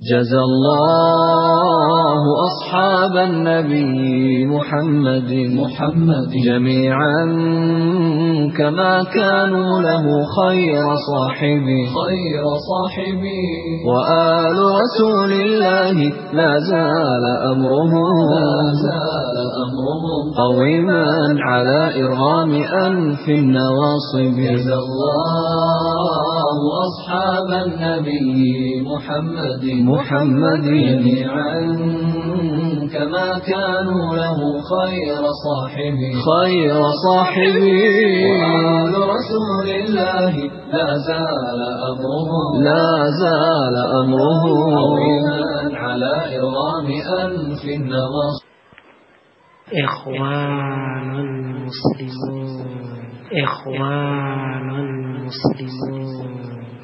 جزى الله أصحاب النبي محمد محمد جميعا كما كانوا له خير صاحبي خير صاحبي وآل رسول الله لا زال أمرهم لا زال قويما على إرغام أنف النواصب جزى الله أصحاب النبي محمد محمد جميعا كما كانوا له خير صاحبي خير صاحبي وآل رسول الله لا زال أمره لا زال أمره على إرغام أنف النظر إخوان المسلمون إخوان المسلمون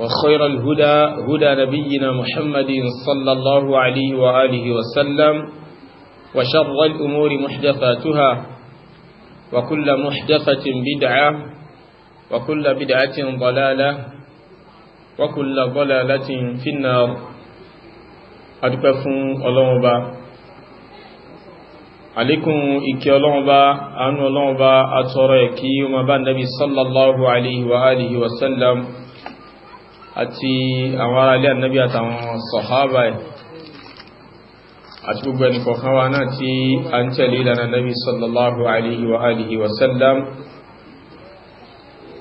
وخير الهدى هدى نبينا محمد صلى الله عليه وآله وسلم وشر الأمور محدثاتها وكل محدثة بدعة وكل بدعة ضلالة وكل ضلالة في النار أدكفون الله با àlékún ìkẹ́ ọlọ́run bá àánú ọlọ́run bá àtọrọ ẹ̀kí o ma bá nàbí sallallahu alaihi wa alihi àti àwọn ará ilé ànábí àtàwọn sọ̀hábà ẹ̀ àti gbogbo ẹni kọ̀ọ̀kan wa náà tí a ń tẹ̀lé ìlànà ànábí sallallahu alaihi wa alihi wa sallam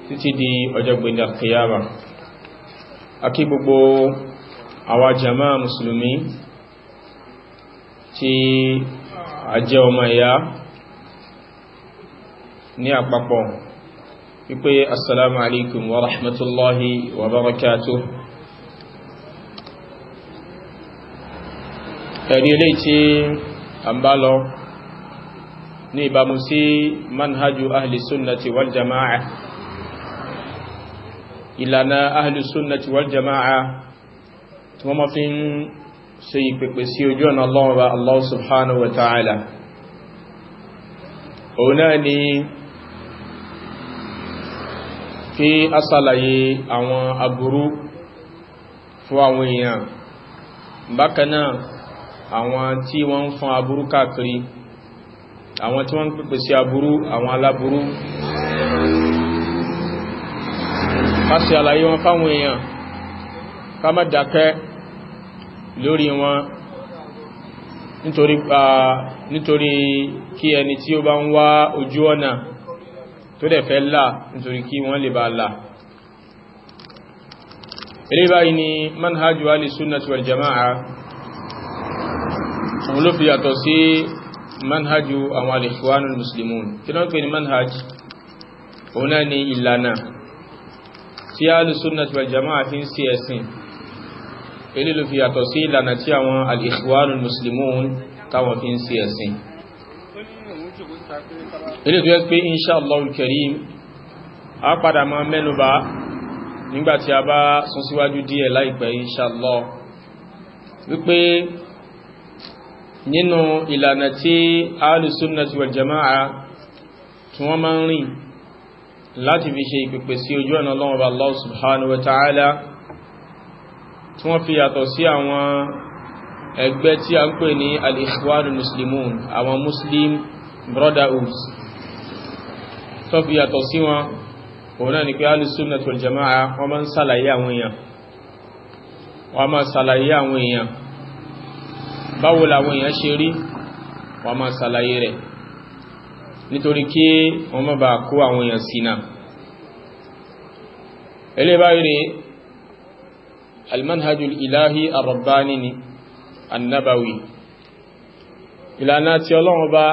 títí di ọjọ́ gbẹ̀dẹ̀ kìyàmà àkí gbogbo àwa jama musulmi tí wípé assalamu alaikum wa rahmatullahi wa barakatuh ẹ̀rí ilé tí a ń bá lọ ní ìbámu sí manhajú ahli sunnati wal jama'a ìlànà ahli sunnati wal jama'a tí wọ́n ma fi ń ṣe ìpèpè sí ojú ọ̀nà Allah subhanahu wa ta'ala òun ni kí a sàlàyé àwọn aburú fún àwọn èèyàn bákanáà àwọn tí wọ́n ń fún aburú káàkiri àwọn tí wọ́n ń pèpè sí aburú àwọn aláburú ká sì àlàyé wọn fáwọn èèyàn ká má dákẹ́ lórí wọn nítorí kí ẹni tí ó bá ń wá ojú ọ̀nà tó dẹ̀ fẹ́ là nítorí kí wọ́n lè bá là ilé báyìí ni manhajjú alì sunnati wal jama'a wọn ló fi yàtọ̀ sí manhajjú àwọn al-ikhwanul muslimun kí lọ́n pè ní manhaj òun náà ni ìlànà tí alì sunnati wal jama'a fi ń sí ẹ̀sìn ilé ló fi yàtọ̀ sí ìlànà tí àwọn al-ikhwanul táwọn fi ń sí ẹ̀sìn ilé tó yẹ pé insha Allahul Karim a padà máa mẹ́nubà nígbàtí a bá sún síwájú díẹ̀ láìpẹ́ insha Allah wípé nínú ìlànà tí Ahlus Sunnah wal Jama'a tí wọ́n máa ń rìn láti fi ṣe ìpèpè sí ojú ọ̀nà Ọlọ́run Ọba Allah subhanahu wa ta'ala tí brotherhood tó fi yàtọ̀ sí wọn òun náà ni pé alìsúnnà tó jama'a wọ́n máa ń sàlàyé àwọn èèyàn wọ́n máa sàlàyé àwọn èèyàn báwo làwọn èèyàn ṣe rí wọ́n máa sàlàyé rẹ̀ nítorí kí wọ́n má bàa kó àwọn èèyàn sínà ilé báyìí rẹ̀ almanhajul ilahi arọ̀bánini annabawi ìlànà tí ọlọ́run bá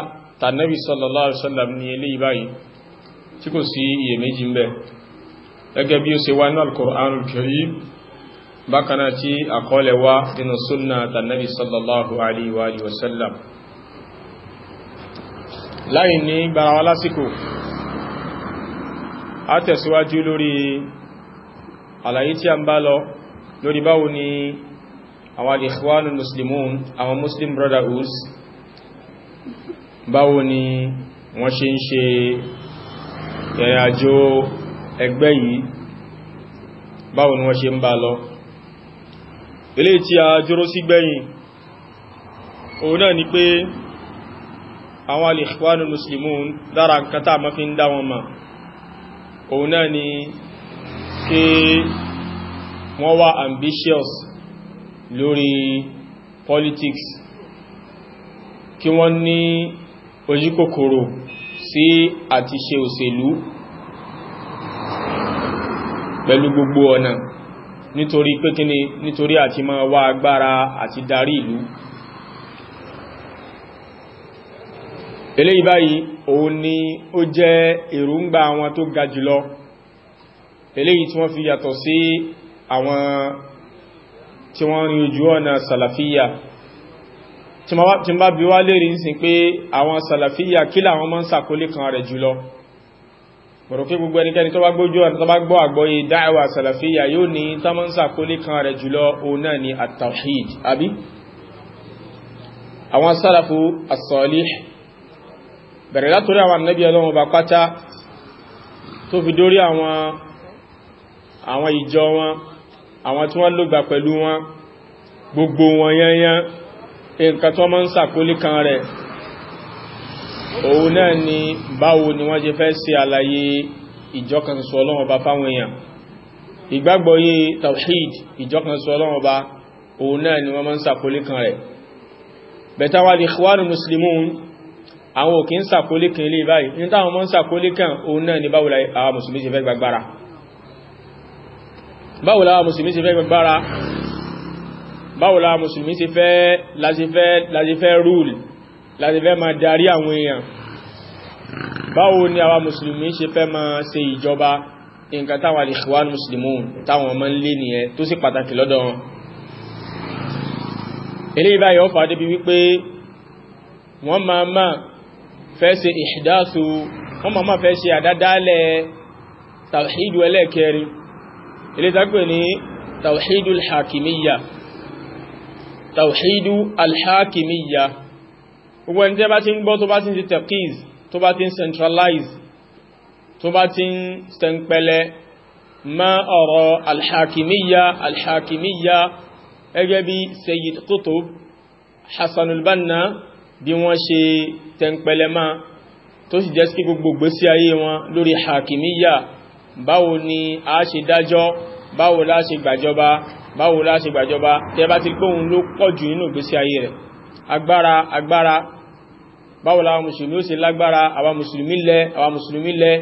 tànẹ́bì sallallahu alaihi wasallam ní eléyìí báyìí tí kò sí iyèméjì ń bẹ gẹ́gẹ́ bí ó ṣe wá ní al-Qur'anul Karim bákaná tí àkọọ́lẹ̀ wá nínú súnnà tànẹ́bì sallallahu alaihi wasallam láì ní gbarawa lásìkò a tẹ̀síwájú lórí àwọn al-Ikhwanul àwọn Muslim Brotherhoods báwo ni wọ́n ṣe ń ṣe ìrìnàjò ẹgbẹ́ yìí báwo ni wọ́n ṣe ń bá lọ ilé tí a jóró sí gbẹ̀yìn òun náà ni pé àwọn al-Ikhwanul dára nǹkan ma fi ń dá wọn ma òun náà ni kí wọ́n wá ambitious lórí politics kí wọ́n ní ojú kòkòrò sí àti ṣe òṣèlú pẹ̀lú gbogbo ọ̀nà nítorí pé kíni nítorí àti máa wá agbára àti darí ìlú eléyìí báyìí òun ni ó jẹ́ èròǹgbà àwọn tó ga jùlọ eléyìí tí wọ́n fi yàtọ̀ sí àwọn tí wọ́n rí ojú ọ̀nà sàlàfíyà tí bá bí wá lérí ń sin pé àwọn sàlàfíyà kí làwọn máa ń sàkólé kan rẹ̀ jùlọ pọ̀rọ̀kí gbogbo ẹnikẹ́ni tó bá gbójú ọ̀nà tó bá gbọ́ àgbọ́yé dáẹwà sàlàfíyà yóò ní tọ́mọ́ ń sàkólé kan rẹ̀ jùlọ òun náà ni at-tawhid àbí àwọn sàlàfù as-salih bẹ̀rẹ̀ látorí nǹkan tó máa ń sàkólé kan rẹ̀ òun náà ni báwo ni wọ́n jẹ fẹ́ ṣe àlàyé ìjọkànsọ Ọlọ́run Ọba fáwọn èèyàn ìgbàgbọ́ yé tawhid ìjọkànsọ Ọlọ́run òun náà ni wọ́n máa ń sàkólé kan rẹ̀ bẹ̀tàwà lè ṣíwánù muslimun àwọn òkè ń sàkólé kan ilé báyìí ní táwọn máa ń sàkólé kan òun náà ni báwo la àwọn báwo la mùsùlùmí ṣe fẹ́ láti fẹ́ rúùlù láti fẹ́ máa darí àwọn èèyàn báwo ni àwa mùsùlùmí ṣe fẹ́ máa ṣe ìjọba nǹkan táwọn al-Ikhwan Muslimun táwọn ọmọ ń lé nìyẹn tó sì pàtàkì lọ́dọ̀ wọn eléyìí báyìí ó fà á débi wípé wọ́n máa máa fẹ́ ṣe ìṣìdáṣù wọ́n máa máa fẹ́ ṣe àdádálẹ̀ tàwíìdù ẹlẹ́ẹ̀kẹrin ilé tápẹ̀ ní tàwíìdù al-Hakimiyya tawhidu alhakimiyya gbogbo ẹni tẹ́ bá ti ń gbọ́ tó bá ti ń di teqiz tó bá ti ń centralize tó bá ti ń stẹ̀ǹpẹ̀lẹ̀ ma ọ̀rọ̀ alhakimiyya alhakimiyya gẹ́gẹ́ bí Sayyid Qutb Hassanul Banna bí wọ́n ṣe tẹ̀ǹpẹ̀lẹ̀ máa tó sì jẹ́ sí gbogbo gbésí ayé wọn lórí hakimiyya báwo ni a ṣe dájọ́ báwo la ṣe gbàjọba báwo la ṣe gbàjọba tẹ́ bá ti gbóhun ló pọ̀ jù nínú ìgbésí ayé rẹ̀ agbára agbára báwo la mùsùlùmí ó ṣe lágbára àwa mùsùlùmí lẹ àwa mùsùlùmí lẹ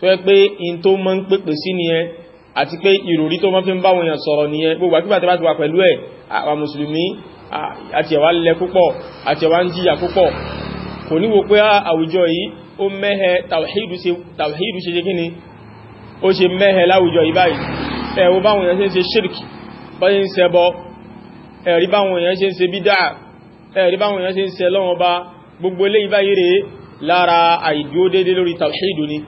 tó yẹ pé in tó mọ́ ń pèpè sí nìyẹn àti pé ìròrí tó mọ́ fi ń báwọn èèyàn sọ̀rọ̀ nìyẹn gbogbo àkígbà tẹ́ bá ti wà pẹ̀lú ẹ̀ àwa mùsùlùmí àti ẹ̀wà lẹ púpọ̀ àti ẹ̀wà ń jìyà púpọ̀ kò ní wo pé àwùjọ yìí ó mẹ́hẹ tàwíìdù ṣe ṣe kí ni ó ṣe mẹ́hẹ láwùjọ yìí báyìí ẹ̀ báwọn èèyàn ṣe ṣe ṣírkì bọ́yí ń ṣẹbọ ẹ̀rí báwọn èèyàn ṣe ń ṣe bídá ẹ̀rí báwọn èèyàn ṣe ń ṣe lọ́wọ́ bá gbogbo eléyìí báyìí rèé lára àìdúró déédéé lórí tàwíìdù ni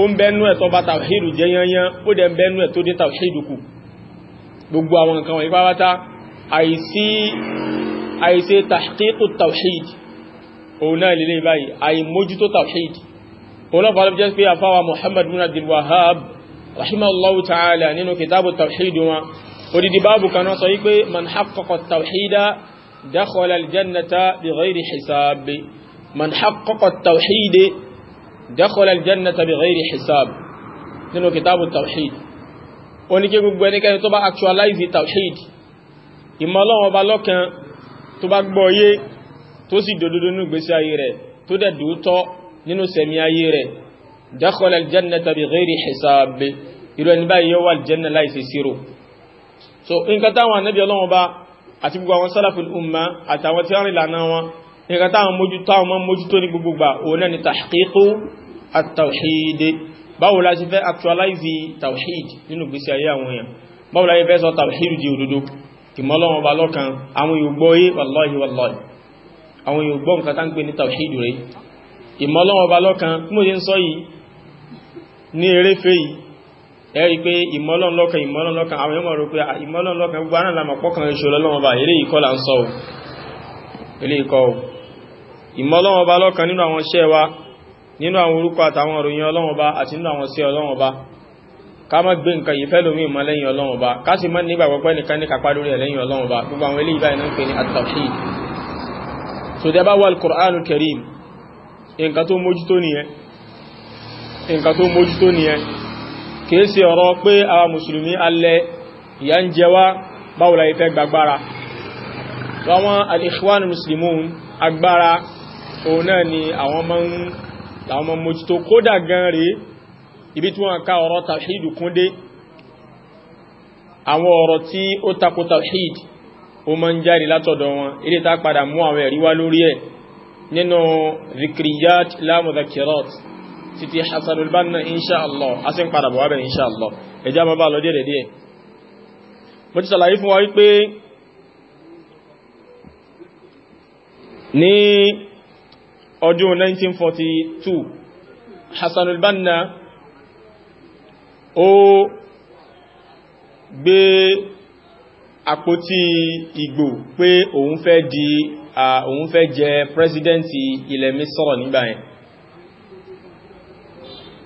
ó ń bẹ́nu ẹ̀ tó bá tàwíìdù jẹ́ yanyan ó dẹ̀ ń bẹ́nu ẹ̀ tó dé tàwíìdù kù gbogbo àwọn nǹkan wọ̀nyí pátá àìsí àìṣe tàkíkù ta'ala nínú kitabu tàwíìdì wọn odidi báàbù kan náà sọ yí pé man haqqaqa tawhida dakhala aljannata bighayri hisab man haqqaqa tawhida dakhala aljannata bighayri hisab nínú kitabu tawhid ó ní kí gbogbo tó bá actualize tawhid ìmọ̀ Ọlọ́run ọba tó bá gbọ́ yé tó sì dòdòdó nínú ìgbésí ayé rẹ̀ tó dẹ̀ dòótọ́ nínú sẹ̀mí ayé rẹ̀ dakhala aljannata bighayri hisab irú ẹni báyìí yóò wà aljanna láìsí sírò so nǹkan táwọn ànábì Ọlọ́run bá àti gbogbo àwọn salaful umma àtàwọn tí wọ́n rìn lànà wọn nǹkan táwọn mójú táwọn mọ́ mójú ní gbogbo gbà òun náà ni tahqiqu at-tawhid báwo la ṣe fẹ́ actualize tawhid nínú gbésí ayé àwọn èèyàn báwo la ṣe fẹ́ sọ tawhid di òdodo ìmọ̀ Ọlọ́run bá lọ́kan àwọn yóò gbọ́ yé wallahi wallahi yìí ẹ̀rí pé ìmọ́lọ́nlọ́kan ìmọ́lọ́nlọ́kan àwọn yọmọ̀ rò pé ah, ìmọ́lọ́nlọ́kan gbogbo anáà lámà pọ́kàn ṣe lọ́lọ́wọ́ bá eré ìkọ́ là ń sọ ilé ìkọ́ ìmọ́lọ́wọ́ bá lọ́kan nínú àwọn iṣẹ́ wa nínú àwọn orúkọ àtàwọn òròyìn Ọlọ́run bá àti nínú àwọn sí Ọlọ́run bá ká má gbé nǹkan yìí tó mójútó kìí ṣe ọ̀rọ̀ pé àwọn mùsùlùmí alẹ́ ìyà ń jẹwa báwọlá ìfẹ́ gbagbára àwọn al-ikhwan muslimun agbára òun náà ni àwọn ọmọ mojito kódà gan rí ibi tí wọ́n ká ọ̀rọ̀ tawhidu kúndé àwọn ọ̀rọ̀ tí ó tako tawhid ó máa ń jáde látọ̀dọ̀ wọn ilé tá padà mú àwọn ẹ̀rí lórí ẹ̀ nínú zikriyat la mudhakirat títí Hasan al-Banna insha Allah a sì ń padà bọ̀ wábẹ̀ insha Allah ẹjá ma bá lọ díẹ̀ díẹ̀ mo ti sàlàyé fún wa wípé ní ọdún 1942 Hasan al-Banna ó gbé àpótí ìgbò pé òun fẹ́ di òun fẹ́ jẹ pírẹsidẹ́ntì nígbà yẹn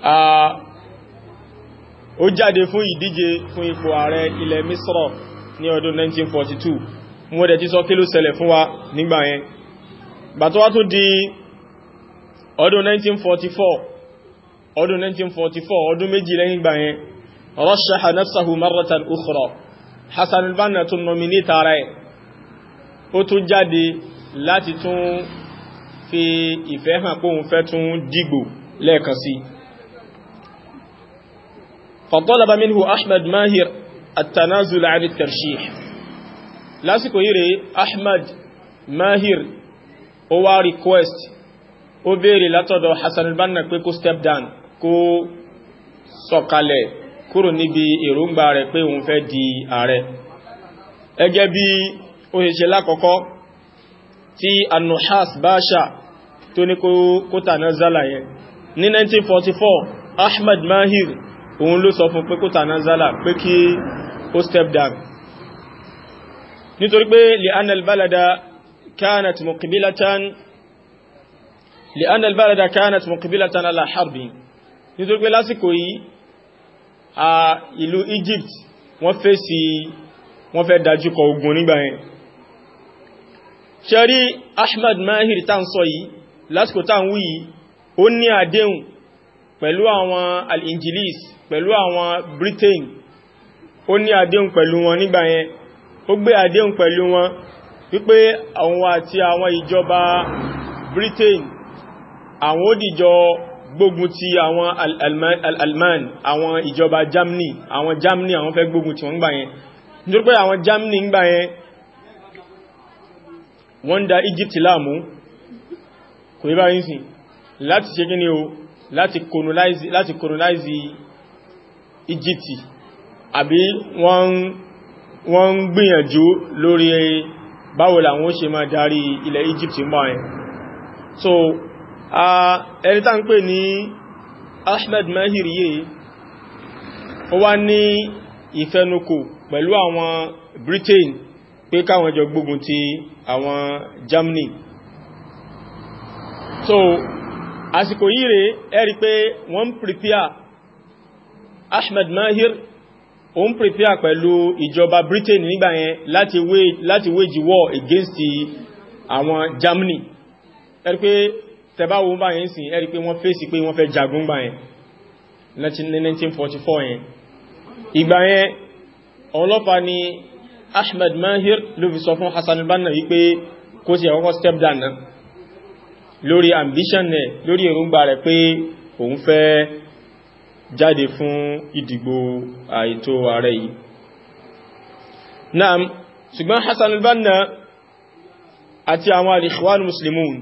ó jáde fún ìdíje fún ipò ààrẹ ilẹ̀ misro ní ọdún 1942 mo dẹ̀ ti sọ kí ló ṣẹlẹ̀ fún wa nígbà yẹn bàtọ́ wá tó di ọdún 1944 ọdún 1944 ọdún méjì lẹ́yìn gbà yẹn rashaha nafsahu marratan ukhra Hassan al-Banna tún nominate ara ẹ̀ ó tún jáde láti tún fi ìfẹ́ hàn pé òun fẹ́ tún dìgbò lẹ́ẹ̀kan sí i فطلب منه أحمد ماهر التنازل عن الترشيح لاسكو يري أحمد ماهر هو ريكويست ó béèrè látọ̀dọ̀ Hassan al-Banna pé kó step down kó sọ̀kalẹ̀ kúrò níbi èròǹgbà rẹ̀ pé òun fẹ́ di ààrẹ ẹgẹ́ bí ó ṣe ṣe lákọ̀ọ́kọ́ tí an Basha tó ní kó tànà zala yẹn ní 1944 Ahmad Mahir òun ló sọ fún pé kó tanazala pé kí ó step down nítorí pé li'anna al-balada kanat muqbilatan li'anna al harbi nítorí pé lásìkò yìí a ìlú Egypt wọ́n fẹ́ sí wọ́n fẹ́ dájúkọ ogun nígbà yẹn ṣe rí Ahmad Mahir tán sọ yìí lásìkò tán wí yìí ó ní àdéhùn pẹ̀lú àwọn al-ingilis pẹ̀lú àwọn britain ó ní àdéhùn pẹ̀lú wọn nígbà yẹn ó gbé àdéhùn pẹ̀lú wọn wípé àwọn àti àwọn ìjọba britain àwọn ó dìjọ gbógun ti àwọn al-alman àwọn ìjọba germany àwọn germany àwọn fẹ́ gbógun ti wọn gbà yẹn nítorí pé àwọn germany gbà yẹn wọ́n da egypt láàmú kò yí bá yín sìn láti ṣe kí ni o láti colonize láti colonize Egypt àbí wọ́n ń gbìyànjú lórí báwo làwọn ó ṣe máa darí ilẹ̀ Egypt mọ́ ẹ̀ so ẹni tá ń pè ní Ahmed Mahir yìí ó wá ní ìfẹnukò pẹ̀lú àwọn Britain pé káwọn jọ gbógun ti àwọn Germany so àsìkò yìí rẹ̀ ẹ̀rí pé wọ́n prepare Ahmed Mahir o ń prepare pẹ̀lú ìjọba Britain nígbà yẹn láti wage war against àwọn Germany ẹ̀rí pé tẹbáwo bá yẹn sìn ẹ̀rí pé wọ́n fèsì pé wọ́n fẹ́ jagun gbà yẹn 1944 yẹn ìgbà yẹn ọlọ́pàá ni Ahmed Mahir ló fi sọ fún Hassan al-Banna wípé kó sì ẹ̀kọ́kọ́ step down náà lórí ambition rẹ̀ lórí èròǹgbà rẹ̀ pé òun fẹ́ jáde fún ìdìgbò àìtó ààrẹ yìí náà ṣùgbọ́n Hassan al-Banna àti àwọn al-Ikhwan muslimun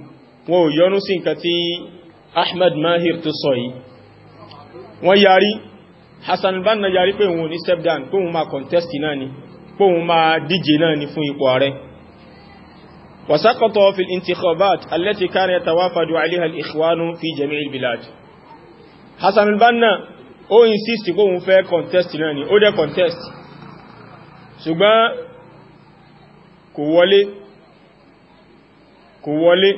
wọn ò yọnú sí nǹkan tí Ahmad Mahir tó sọ yìí wọ́n yarí Hassan al-Banna yari pé òun ní step pé òun máa contest náà ni pé òun máa díje náà ni fún ipò ààrẹ وسقط في الانتخابات التي كان يتوافد عليها الإخوان في جميع البلاد حسن البنا، banna ó insist kó ń fẹ́ contest náà ni ó dẹ̀ contest ṣùgbọ́n kò wọlé kò wọlé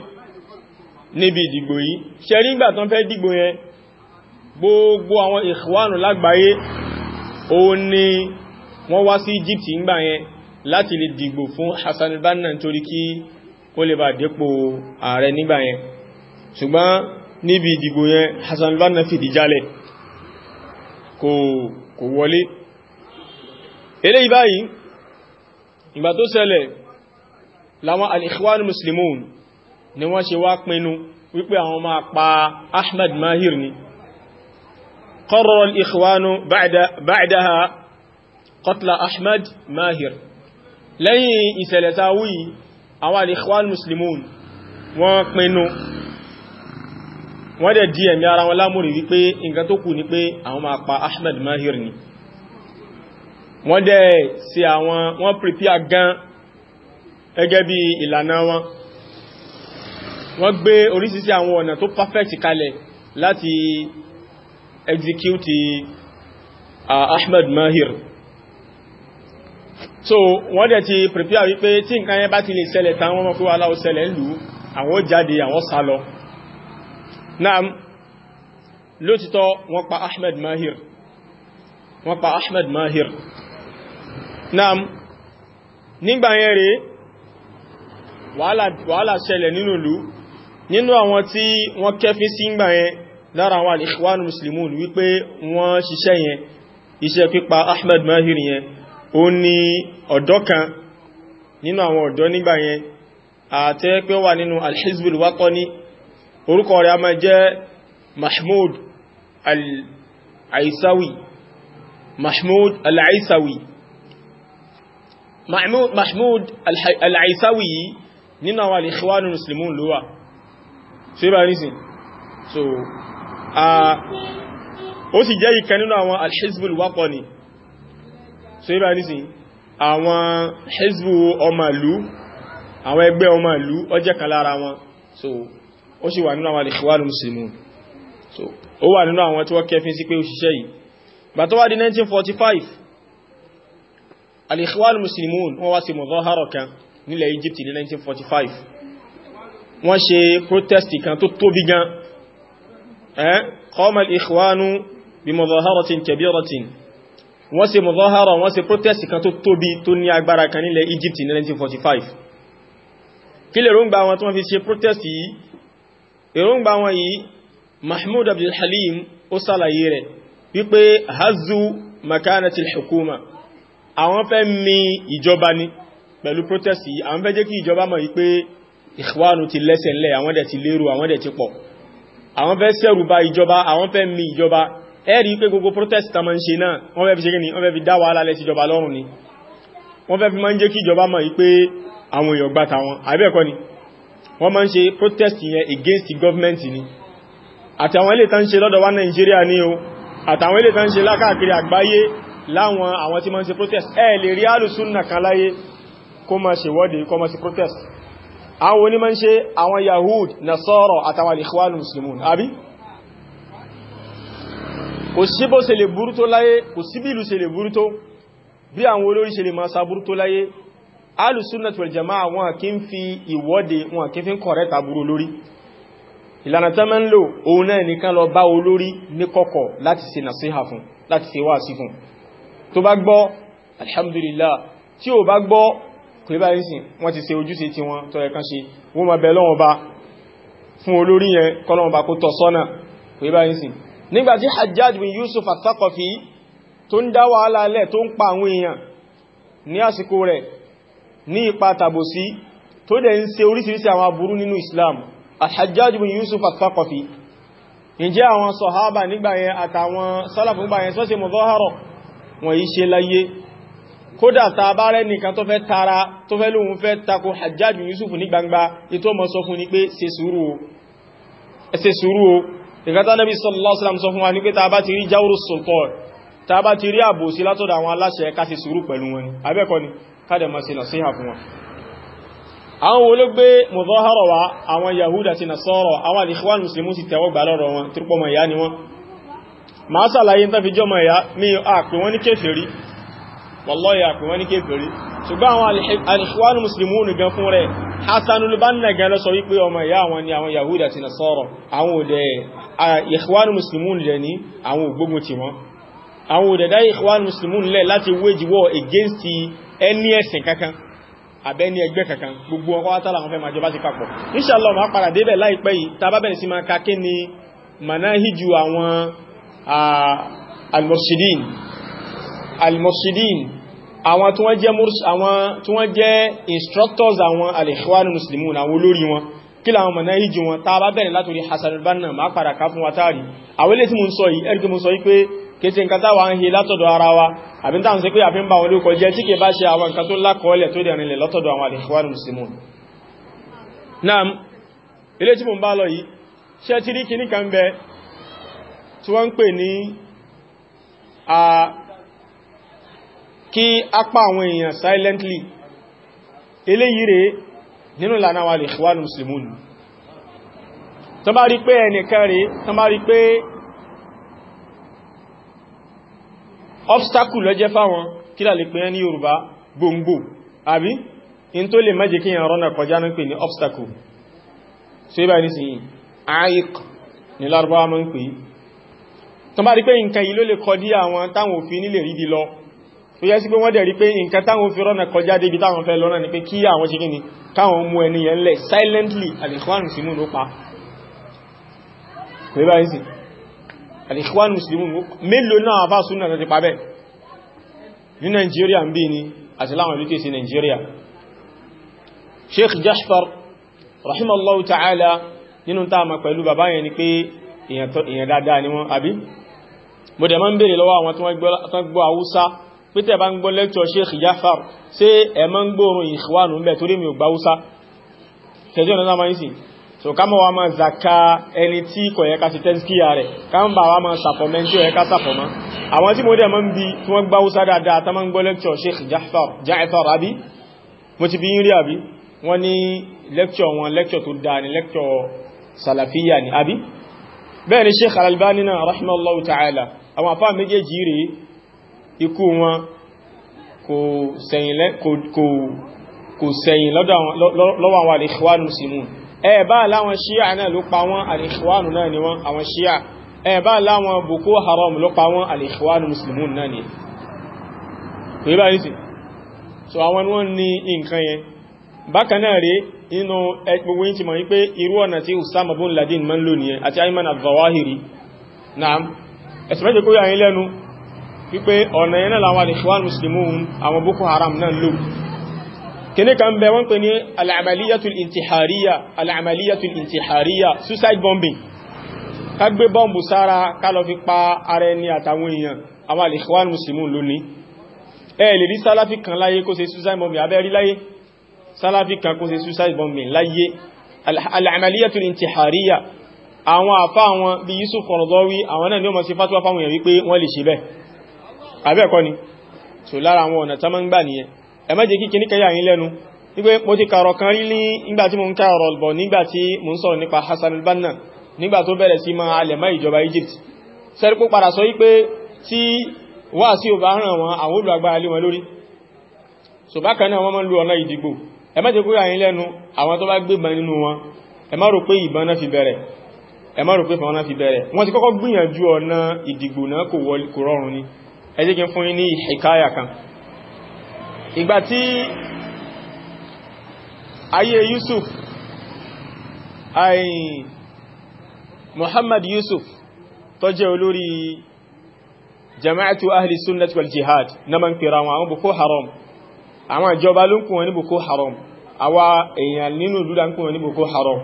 níbi ìdìgbò yìí ṣe nígbà tán fẹ́ dìgbò yẹn gbogbo àwọn ìkwánù lágbàáyé ó ní wọ́n wá sí Egypt ìgbà yẹn láti lè dìgbò fún Hassan al-Banna kí kó lè bá dépò ààrẹ nígbà yẹn ṣùgbọ́n níbi ìdìbò yẹn Hassan Banna fìdí jálẹ̀ kò kò wọlé eléyìí báyìí ìgbà tó ṣẹlẹ̀ láwọn al-Ikhwan Muslimun ni wọ́n ṣe wá pinnu wípé àwọn máa pa Ahmad Mahir ni lẹ́yìn ìṣẹ̀lẹ̀ táwí àwọn al-Ikhwan Muslimun wọ́n pinnu wọ́n dẹ̀ di ẹ̀mí ara wọn lámúrí wípé nǹkan tó kù ní pé àwọn máa pa Ahmed Mahir ni wọ́n dẹ̀ sí àwọn wọ́n prepare gan gẹ́gẹ́ bí ìlànà wọn wọ́n gbé oríṣiríṣi àwọn ọ̀nà tó perfect kalẹ̀ láti execute uh, Ahmed Mahir so wọ́n dẹ̀ ti prepare wípé tí nǹkan yẹn bá ti lè ṣẹlẹ̀ tán wọ́n mọ̀ pé wàhálà ó ṣẹlẹ̀ ń lù àwọn jáde àwọn sá lọ naam lótìtọ́ wọ́n pa Ahmed Mahir wọ́n pa Ahmed Mahir naam nígbà yẹn rèé wàhálà ṣẹlẹ̀ nínú ìlú nínú àwọn tí wọ́n kẹfí sí ń gbà lára àwọn al-Ikhwan muslimun wípé wọ́n ṣiṣẹ́ yẹn iṣẹ́ pípa Ahmed Mahir yẹn ó ní ọ̀dọ́ kan nínú àwọn ọ̀dọ́ nígbà yẹn àtẹ́ pé wà nínú alhizbul watani orúkọ rẹ̀ a máa jẹ́ mahmud al-aisawi mahmud al-aisawi mahmud al-aisawi yìí nínú àwọn al-ikhwanu ló wà ṣe bá nísìn so ó sì jẹ́ ìkan nínú àwọn alhizbul watani so ibà nísìn àwọn hezbo ọmọ ìlú àwọn ẹgbẹ́ ọmọ ìlú ó jẹ́ kan lára wọn so ó sì wà nínú àwọn Ikhwanul Muslimun so ó wà nínú àwọn tí wọ́n kẹfin sí pé ó ṣiṣẹ́ yìí bá tó wá di 1945 al-Ikhwanul Muslimun wọ́n wá sí muzahara kan nílẹ̀ Egypt ní 1945 wọ́n ṣe protest kan tó tóbi gan eh qama al-Ikhwanu bi muzaharatin kabiratin wọ́n ṣe mọ̀lọ́hárọ̀ wọ́n ṣe protest kan tó tóbi tó ní agbára kan nílẹ̀ Egypt ní 1945 kí lè rúngbà wọn tó wọ́n fi ṣe protest yìí èròngbà wọn yìí Mahmoud Abdul Halim ó sàlàyé rẹ̀ wípé hazu makanatil hukuma àwọn fẹ́ mi ìjọba ni pẹ̀lú protest yìí àwọn fẹ́ jẹ́ kí ìjọba mọ̀ wípé ìkwánu ti lẹ́sẹ̀ ńlẹ̀ àwọn dẹ̀ ti lérò àwọn dẹ̀ ti pọ̀ àwọn fẹ́ ṣẹ̀rù ba ìjọba àwọn fẹ́ mi ìjọba ẹ̀rí pé gbogbo protesta ta ma ń ṣe náà wọ́n fẹ́ fi ṣe gini wọ́n fẹ́ fi dá wàhálà lẹ́ síjọba lọ́rùn ni wọ́n fẹ́ fi ma ń jẹ́ kí ìjọba mọ̀ wípé àwọn èèyàn gbá tàwọn àbí ni wọ́n ma ń ṣe protest yẹn against the government ni àtàwọn ilé tán ṣe lọ́dọ̀ wá Nàìjíríà ní o àtàwọn ilé tán ṣe lákàkiri àgbáyé láwọn àwọn tí ma ń ṣe protest ẹ lè rí alùsùnà kan láyé kó ma ṣe wọ́de kó ma ṣe protest àwọn onímọ̀ ń ṣe àwọn Yahud Nasara àtàwọn Ikhwanul Muslimun àbí kò sí bó ṣe lè burú tó láyé kò sí bí ìlú ṣe lè burú tó bí àwọn olórí ṣe lè máa sa burú tó láyé alùsúnnà wal jamaa wọn kí ń fi ìwọ́de wọn kí fi ń kọ̀rẹ́ tàbúrú lórí ìlànà tán mẹ́ ń lò òun náà nìkan lọ bá olórí ní kọ̀kọ̀ láti ṣe wá sí fún tó bá gbọ́ alhamdulillah tí ò bá gbọ́ kò bá ń sìn wọ́n ti ṣe ojúṣe tí wọ́n tọ́ ẹ̀kan ṣe nígbàtí hajjaj bin yusuf àtàkọ̀fí tó ń dá wàhálà lẹ̀ tó ń pa àwọn èèyàn ní àsìkò rẹ̀ ní ipa tàbòsí tó dẹ̀ ń ṣe oríṣiríṣi àwọn aburú nínú islam alhajjaj bin yusuf àtàkọ̀fí ǹjẹ́ àwọn sọ̀hábà nígbàyẹn àtàwọn sálàfù nígbàyẹn sọ́ṣe mọ̀zọ́hárọ̀ wọ́n yí ṣe láyé kódà ta bá rẹ̀ nìkan tó fẹ́ tara tó fẹ́ lóhun fẹ́ yusuf ní gbangba ìtọ́ mọ́ sọ fún ni pé ṣe sùúrù ìgbàtà Nabi sallallahu alaihi wasallam sọ fún wa ní pé ta bá ti rí jáwúrú sultan ta bá ti rí àbòsí látọ̀dọ̀ àwọn aláṣẹ ká ṣe sùúrù pẹ̀lú wọn ni abẹ́kọ́ ni káàdẹ̀ máa ṣe nàṣíhà fún wọn àwọn wo ló gbé mudahara wa àwọn yahuda ti nasara àwọn al-ikhwan muslimun ti tẹ̀wọ́ gbà lọ́rọ̀ wọn tí pọ́mọ̀ ìyá ni wọ́n máa sàlàyé ń tàfi jọmọ̀ ìyá mi àpè wọ́n ní kéfèrí wallahi lọ sọ wípé wọn àwọn yahuda ti Ikhwanul Muslimun lẹ̀ ní àwọn ògbógun ti wọn àwọn òdẹ̀dá Ikhwanul Muslimun lẹ̀ láti wage war against ẹni ẹ̀sìn kankan àbẹ́ni ẹgbẹ́ kankan gbogbo ọkọ̀ wátàlà wọn fẹ́ máa jọba sí papọ̀ inshallah máa padà débẹ̀ láìpẹ́ yìí tá a bá bẹ̀rẹ̀ sí máa ka kí ni manahiju àwọn al-mursidin tí wọ́n jẹ́ instructors àwọn al-Ikhwanul àwọn olórí wọn kí láwọn mọ̀ná ìjì wọn tàbá bẹ̀rẹ̀ látorí Hassan al-Banna ma padà ká fún wátàrí àwọn ilé tí mo ń sọ yìí ẹ̀rìkì mo sọ yìí pé kéte nǹkan táwà ń he látọ̀dọ̀ ara wa àbí táà ń ṣe pé àfihàn bá wọn lóko jẹ́ tí kì bá ṣe àwọn nǹkan tó lákọọ́lẹ̀ tó dẹ̀ rinlẹ̀ lọ́tọ̀dọ̀ àwọn al-Ikhwan al-Muslimun náà a kí apá àwọn silently eléyìí rèé nínú ìlànà wà lè ṣíwánù muslimun tó bá rí pé ẹnìkan rí tó bá rí pé obstacle lọ jẹ́ fáwọn kí là lè pè ní Yorùbá gbòǹgbò àbí in tó lè mẹ́jẹ kíyàn rọ́nà kọjá ń pè ní obstacle so ibà nísìnyí aiq ní lárúbáwá mọ́ ń pè tó bá rí pé nǹkan yìí ló lè kọ tó yẹ sí pé wọ́n dẹ̀ rí pé nǹkan táwọn fi rọ́nà kọjá débi táwọn fẹ́ lọ́nà ni pé kí àwọn ṣe kíni káwọn mú ẹni yẹn lẹ̀ silently al-Ikhwan Muslimun ló pa pé báyìí sí al-Ikhwan Muslimun mélòó náà bá súnà tó ti pa bẹ́ẹ̀ ní Nàìjíríà ń bí ni àti láwọn ìlú tèsí Nàìjíríà Sheikh Jafar rahimallahu ta'ala nínú tá a ma pẹ̀lú bàbá yẹn ni pé èèyàn dáadáa ni wọ́n àbí mo dẹ̀ máa ń béèrè lọ́wọ́ àwọn tó gbọ́ Haúsá pété bá ń gbọ́ lẹ́kṣọ́ Sheikh Jafar ṣé ẹ máa ń gbóòrùn ìṣwánù ń torí mi ò gbá húsá tẹ̀sí so ká mọ̀ wá máa zaka ẹni tí kò yẹ ká ti tẹ́síkíyà rẹ̀ ká ń bà wá máa sàfọ̀mẹ́ tí ò yẹ ká sàfọ̀mọ́ àwọn tí mo dẹ̀ máa ń bi tí wọ́n ni abi, sàlàfíyà Sheikh Al-Albani náà rahimahullahu ta'ala àwọn àfáà méjèèjì rèé ikú wọn kò sẹ̀yìn lọ́wọ́ àwọn al-Ikhwan Muslimun ẹ̀ẹ̀bá láwọn ṣíyà náà ló pa wọn al-Ikhwan náà ni wọn àwọn ṣíyà ẹ̀ẹ̀bá láwọn Boko Haram ló pa wọn al-Ikhwan Muslimun náà ni pé bá yìí so àwọn wọn ní nǹkan yẹn bákan náà rí inú ẹgbogbo yìí ti mọ̀ wípé irú Usama bin Laden mọ́ lónìí àti Ayman al-Zawahiri naam wípé ọ̀nà yẹn náà làwọn Ikhwan Muslimun àwọn Boko Haram náà lò kìní kan bẹ wọ́n pè ní al'amaliyatul intihariya suicide bombing ká gbé bọ́m̀bù sára ká lọ fi pa ara ẹni àtàwọn èèyàn àwọn Ikhwan Muslimun lónìí ẹ lè suicide bombing abẹ́ rí láyé sálàfí suicide bombing láyé al'amaliyatul intihariya àwọn àfá àwọn bí Yusuf Qaradawi àwọn náà ni ó mọ̀ sí fatuwa fáwọn èèyàn wípé wọ́n lè ṣe bẹ́ẹ̀ àbẹ́ẹ̀kọ́ ni so lára àwọn ọ̀nà tán máa ń gbà nìyẹn ẹ má jẹ́ kí kìíní kẹyà yín lẹ́nu wípé mo ti kàrọ̀ kan rí ní ìgbà tí mo ń ká ọ̀rọ̀ nígbà tí mo ń sọ̀rọ̀ nípa Hassan al-Banna nígbà tó bẹ̀rẹ̀ sí máa alẹ̀mọ́ ìjọba Egypt sẹ́rípò padà sọ wípé tí wà sí ò bá ràn wọn àwọn olùagbára lé wọn lórí so bákan náà wọ́n máa ń lu ọ̀nà ìdìgbò ẹ má jẹ́ kó yà yín lẹ́nu àwọn tó bá gbé ìbọn nínú pé ìbọn fi bẹ̀rẹ̀ wọ́n ti kọ́kọ́ gbìyànjú ọ̀nà ìdìgbò náà kò rọrùn ni ẹ jẹ́ kí n fún yín ní hikaya kan ìgbà tí ayé Yusuf ayin Muhammad Yusuf tó jẹ́ olórí jama'atu ahli sunnati wal jihad na man pera wọn àwọn Boko Haram àwọn ìjọba ló ń kún wọn ní Boko Haram àwa èèyàn nínú ìlú la ń kún wọn ní Boko Haram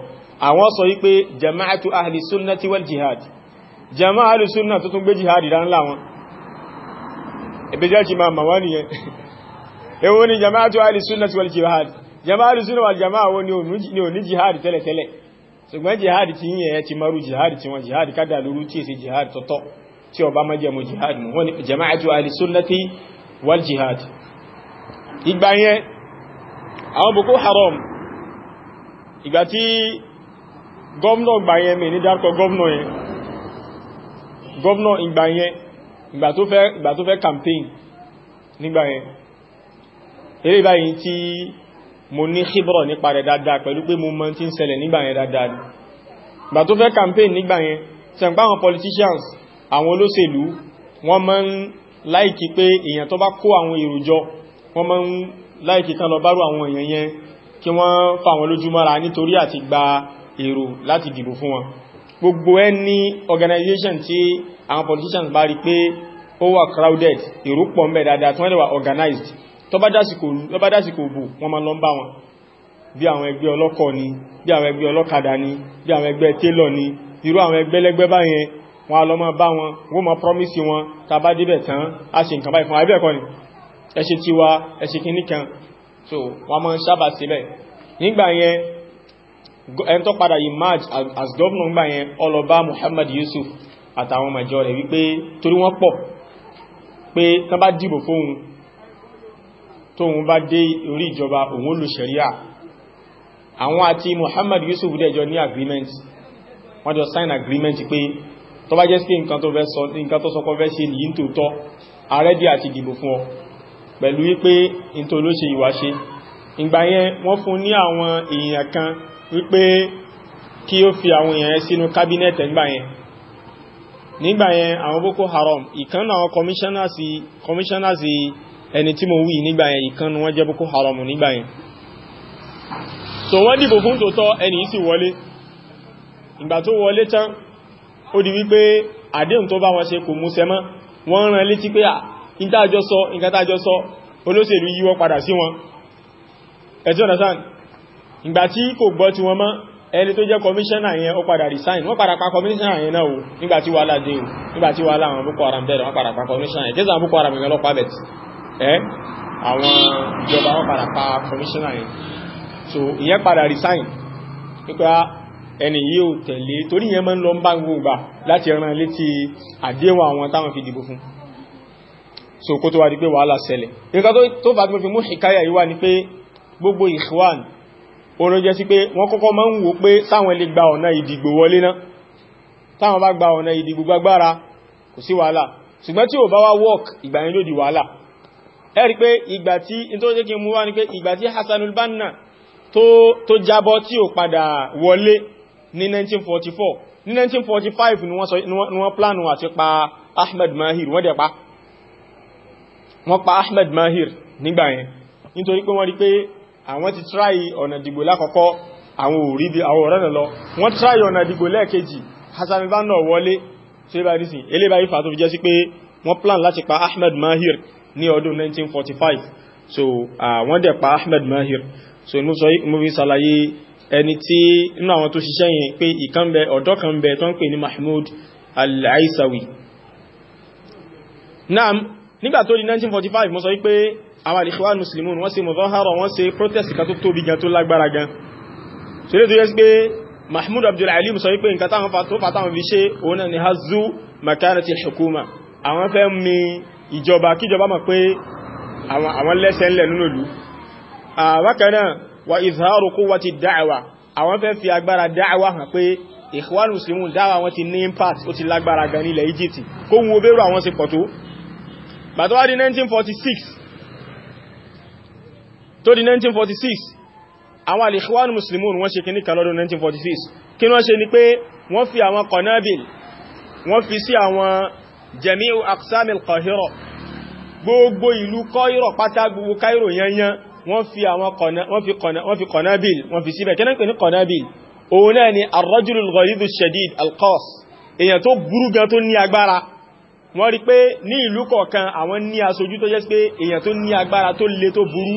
àwọn sọ wípé jama'atu ahli sunnati wal jihad jama'a ahli sunnati tó tún gbé jihad ìdánlá wọn ibi jẹ́ kí máa mà wá nìyẹn èwo ni jama'atu ahli sunnati wal jihad jama'atu sunna wal jama'a wo ni ò ní jihad tẹ́lẹ̀tẹ́lẹ̀ ṣùgbọ́n jihad ti yìn ẹ̀yẹ ti maru jihad ti wọn jihad kádà lóru tí èsì jihad tọ́tọ́ tí ọba mẹ́jẹmú jihad mú wọn jama'atu ahli sunnati wal jihad ìgbà boko haram ìgbà tí gọ́mnà ìgbà yẹn mi ní dárúkọ gọ́mnà ìgbà tó fẹ́ ìgbà tó fẹ́ campaign nígbà yẹn eré báyìí tí mo ní ṣíbrọ̀ nípa rẹ̀ dáadáa pẹ̀lú pé mo mọ̀ tí ń ṣẹlẹ̀ nígbà yẹn dáadáa ni ìgbà tó fẹ́ campaign nígbà yẹn sẹ̀ǹpá àwọn politicians àwọn olóṣèlú wọ́n máa ń láìkí pé èèyàn tó bá kó àwọn èrò jọ wọ́n máa ń láìkí kan lọ bárò àwọn èèyàn yẹn kí wọ́n fa àwọn lójúmọ́ra nítorí àti gba èrò láti dìbò fún wọn gbogbo ẹni organization tí àwọn politicians bá rí pé ó wà crowded èrò pọ̀ ń bẹ dáadáa tí wọ́n lè wà organized tó bá dásìkò bù wọ́n máa lọ ń bá wọn bí àwọn ẹgbẹ́ ọlọ́kọ̀ ni bí àwọn ẹgbẹ́ ọlọ́kadà ni bí àwọn ẹgbẹ́ tailor ni irú àwọn ẹgbẹ́ lẹ́gbẹ́ báyẹn wọ́n á lọ máa bá wọn wọ́n máa promise wọn tá bá débẹ̀ tán á ṣe nǹkan báyìí fún àbí bẹ́ẹ̀ kọ́ ni ẹ ṣe tiwa ẹ ṣe kinní kan so wọ́n máa ń sábà síbẹ̀ nígbà yẹn ẹni tó padà yìí march as governor nígbà yẹn ọlọ́ba Muhammad Yusuf àtàwọn ọmọ ìjọ rẹ̀ wípé torí wọ́n pọ̀ pé tán bá dìbò fóhun tóhun bá dé orí ìjọba òun olùsẹ̀ríà àwọn àti Muhammad Yusuf dẹjọ ní agreement wọ́n jọ sign agreement pé tó bá jẹ́ sí nǹkan tó fẹ́ sọ nǹkan tó sọpọ̀ fẹ́ ṣe nìyí tó tọ́ ààrẹ dí àti dìbò fún ọ pẹ̀lú wípé nítorí ló ṣe ìwà ṣe ìgbà yẹn wọ́n fún ní àwọn èèyàn kan wípé kí ó fi àwọn èèyàn sínú kábínẹ̀tì ìgbà yẹn nígbà yẹn àwọn boko haram ìkan náà kọmíṣánnáàsì kọmíṣánnáàsì ẹni tí mo wí nígbà yẹn ìkan ni wọ́n jẹ́ boko haram nígbà yẹn so wọ́n dìbò fún tòótọ́ ẹni yìí sì wọlé ìgbà tó wọlé tán ó di wípé àdéhùn tó bá wọn ṣe kò múṣẹ mọ́ wọ́n rán létí pé ìtàjọ́ sọ ìkàtàjọ́ sọ olóṣèlú yíwọ́ padà sí wọn ẹ̀tí ọ̀nà sáà ìgbà tí kò gbọ́ tí wọ́n mọ́ ẹni tó jẹ́ kọmíṣánná yẹn ó padà resign wọ́n padà pa kọmíṣánná yẹn náà o nígbà tí wàhálà dé o nígbà tí wàhálà àwọn boko haram bẹ̀rẹ̀ wọ́n padà pa kọmíṣánná yẹn jésù boko haram yẹn lọ́pàá bẹ̀t ẹ́ àwọn ìjọba wọ́n padà pa kọmíṣánná yẹn so ìyẹn padà resign nípa ah, ẹni yìí ò tẹ̀lé torí yẹn máa ń lọ ń bá gbogbo láti ran létí àdéhùn àwọn táwọn fi dìbò fún so kó tó wá di pé wàhálà ṣẹlẹ̀ nǹkan tó fà á tó fi mú ìkáyà yìí wá ni pé gbogbo ìkhwan oòrùn jẹ́ sí pé wọ́n kọ́kọ́ máa ń wò pé sáwọn lè gba ọ̀nà ìdìgbò wọlé náà táwọn bá gba ọ̀nà ìdìgbò gbágbára kò sí wàhálà ṣùgbọ́n tí ò bá wá work ìgbà yẹn ló di 1944 ní 1945 ni wọ́n sọ ni wọ́n plan pa Ahmed Mahir wọ́n dẹ̀ pa Ahmed Mahir nígbà yẹn nítorí pé wọ́n rí pé àwọn ti tráì ọ̀nà dìgbò lákọ̀ọ́kọ́ àwọn òrí bí àwọn ọ̀rẹ́ lọ wọ́n tráì ọ̀nà dìgbò lẹ́ẹ̀kejì Hassan Banna wọlé tí ó bá rí sí eléba ifá tó fi jẹ́ sí pé wọ́n plan láti pa Ahmed Mahir ní ọdún 1945 so wọ́n dẹ̀ pa Ahmed Mahir so mo fi ṣàlàyé ẹni tí inú àwọn tó ṣiṣẹ́ yẹn pé ìkánbẹ ọ̀dọ́ kan bẹ tó ń pè ní Mahmoud Al-Aisawi naam nígbà tó di 1945 mo sọ wípé àwọn al-Ikhwan Muslimun wọ́n ṣe muzahara wọ́n ṣe protest kan tó tóbi gan tó lágbára gan so lè tó yẹ sí pé Mahmoud Abdul Alim sọ wípé nǹkan táwọn tó fàtàwọn fi ṣe òun náà ni hazu makanati al-hukuma àwọn fẹ́ mi ìjọba kíjọba mọ̀ pé àwọn lẹ́sẹ̀ ńlẹ̀ nínú ìlú bákan náà wa izharu quwwati ad-da'wa àwọn fẹ́ fi agbára dáàwà hàn pé Ikhwan Muslimun dáàwà wọn ti ní impact ó ti lágbára gan nílẹ̀ Egypt kó wọ́n bẹ̀rù àwọn ṣe pọ̀ bàtọ́wádìí 1946 tó di 1946 àwọn al-Ikhwan Muslimun wọ́n ṣe kìní lọ́dún 1946 kí wọ́n ṣe ni pé wọ́n fi àwọn Qanabil wọ́n fi sí àwọn jami'u aqsamil Qahira gbogbo ìlú Qahira pátá gbogbo Cairo yanyan wọ́n fi àwọn Qanabil wọ́n fi síbẹ̀ kẹ́nà pè ní Qanabil òun náà ni ar wọ́n rí pé ní ìlú kọ̀ọ̀kan àwọn ní aṣojú tó jẹ́ pé èèyàn tó ní agbára tó le tó burú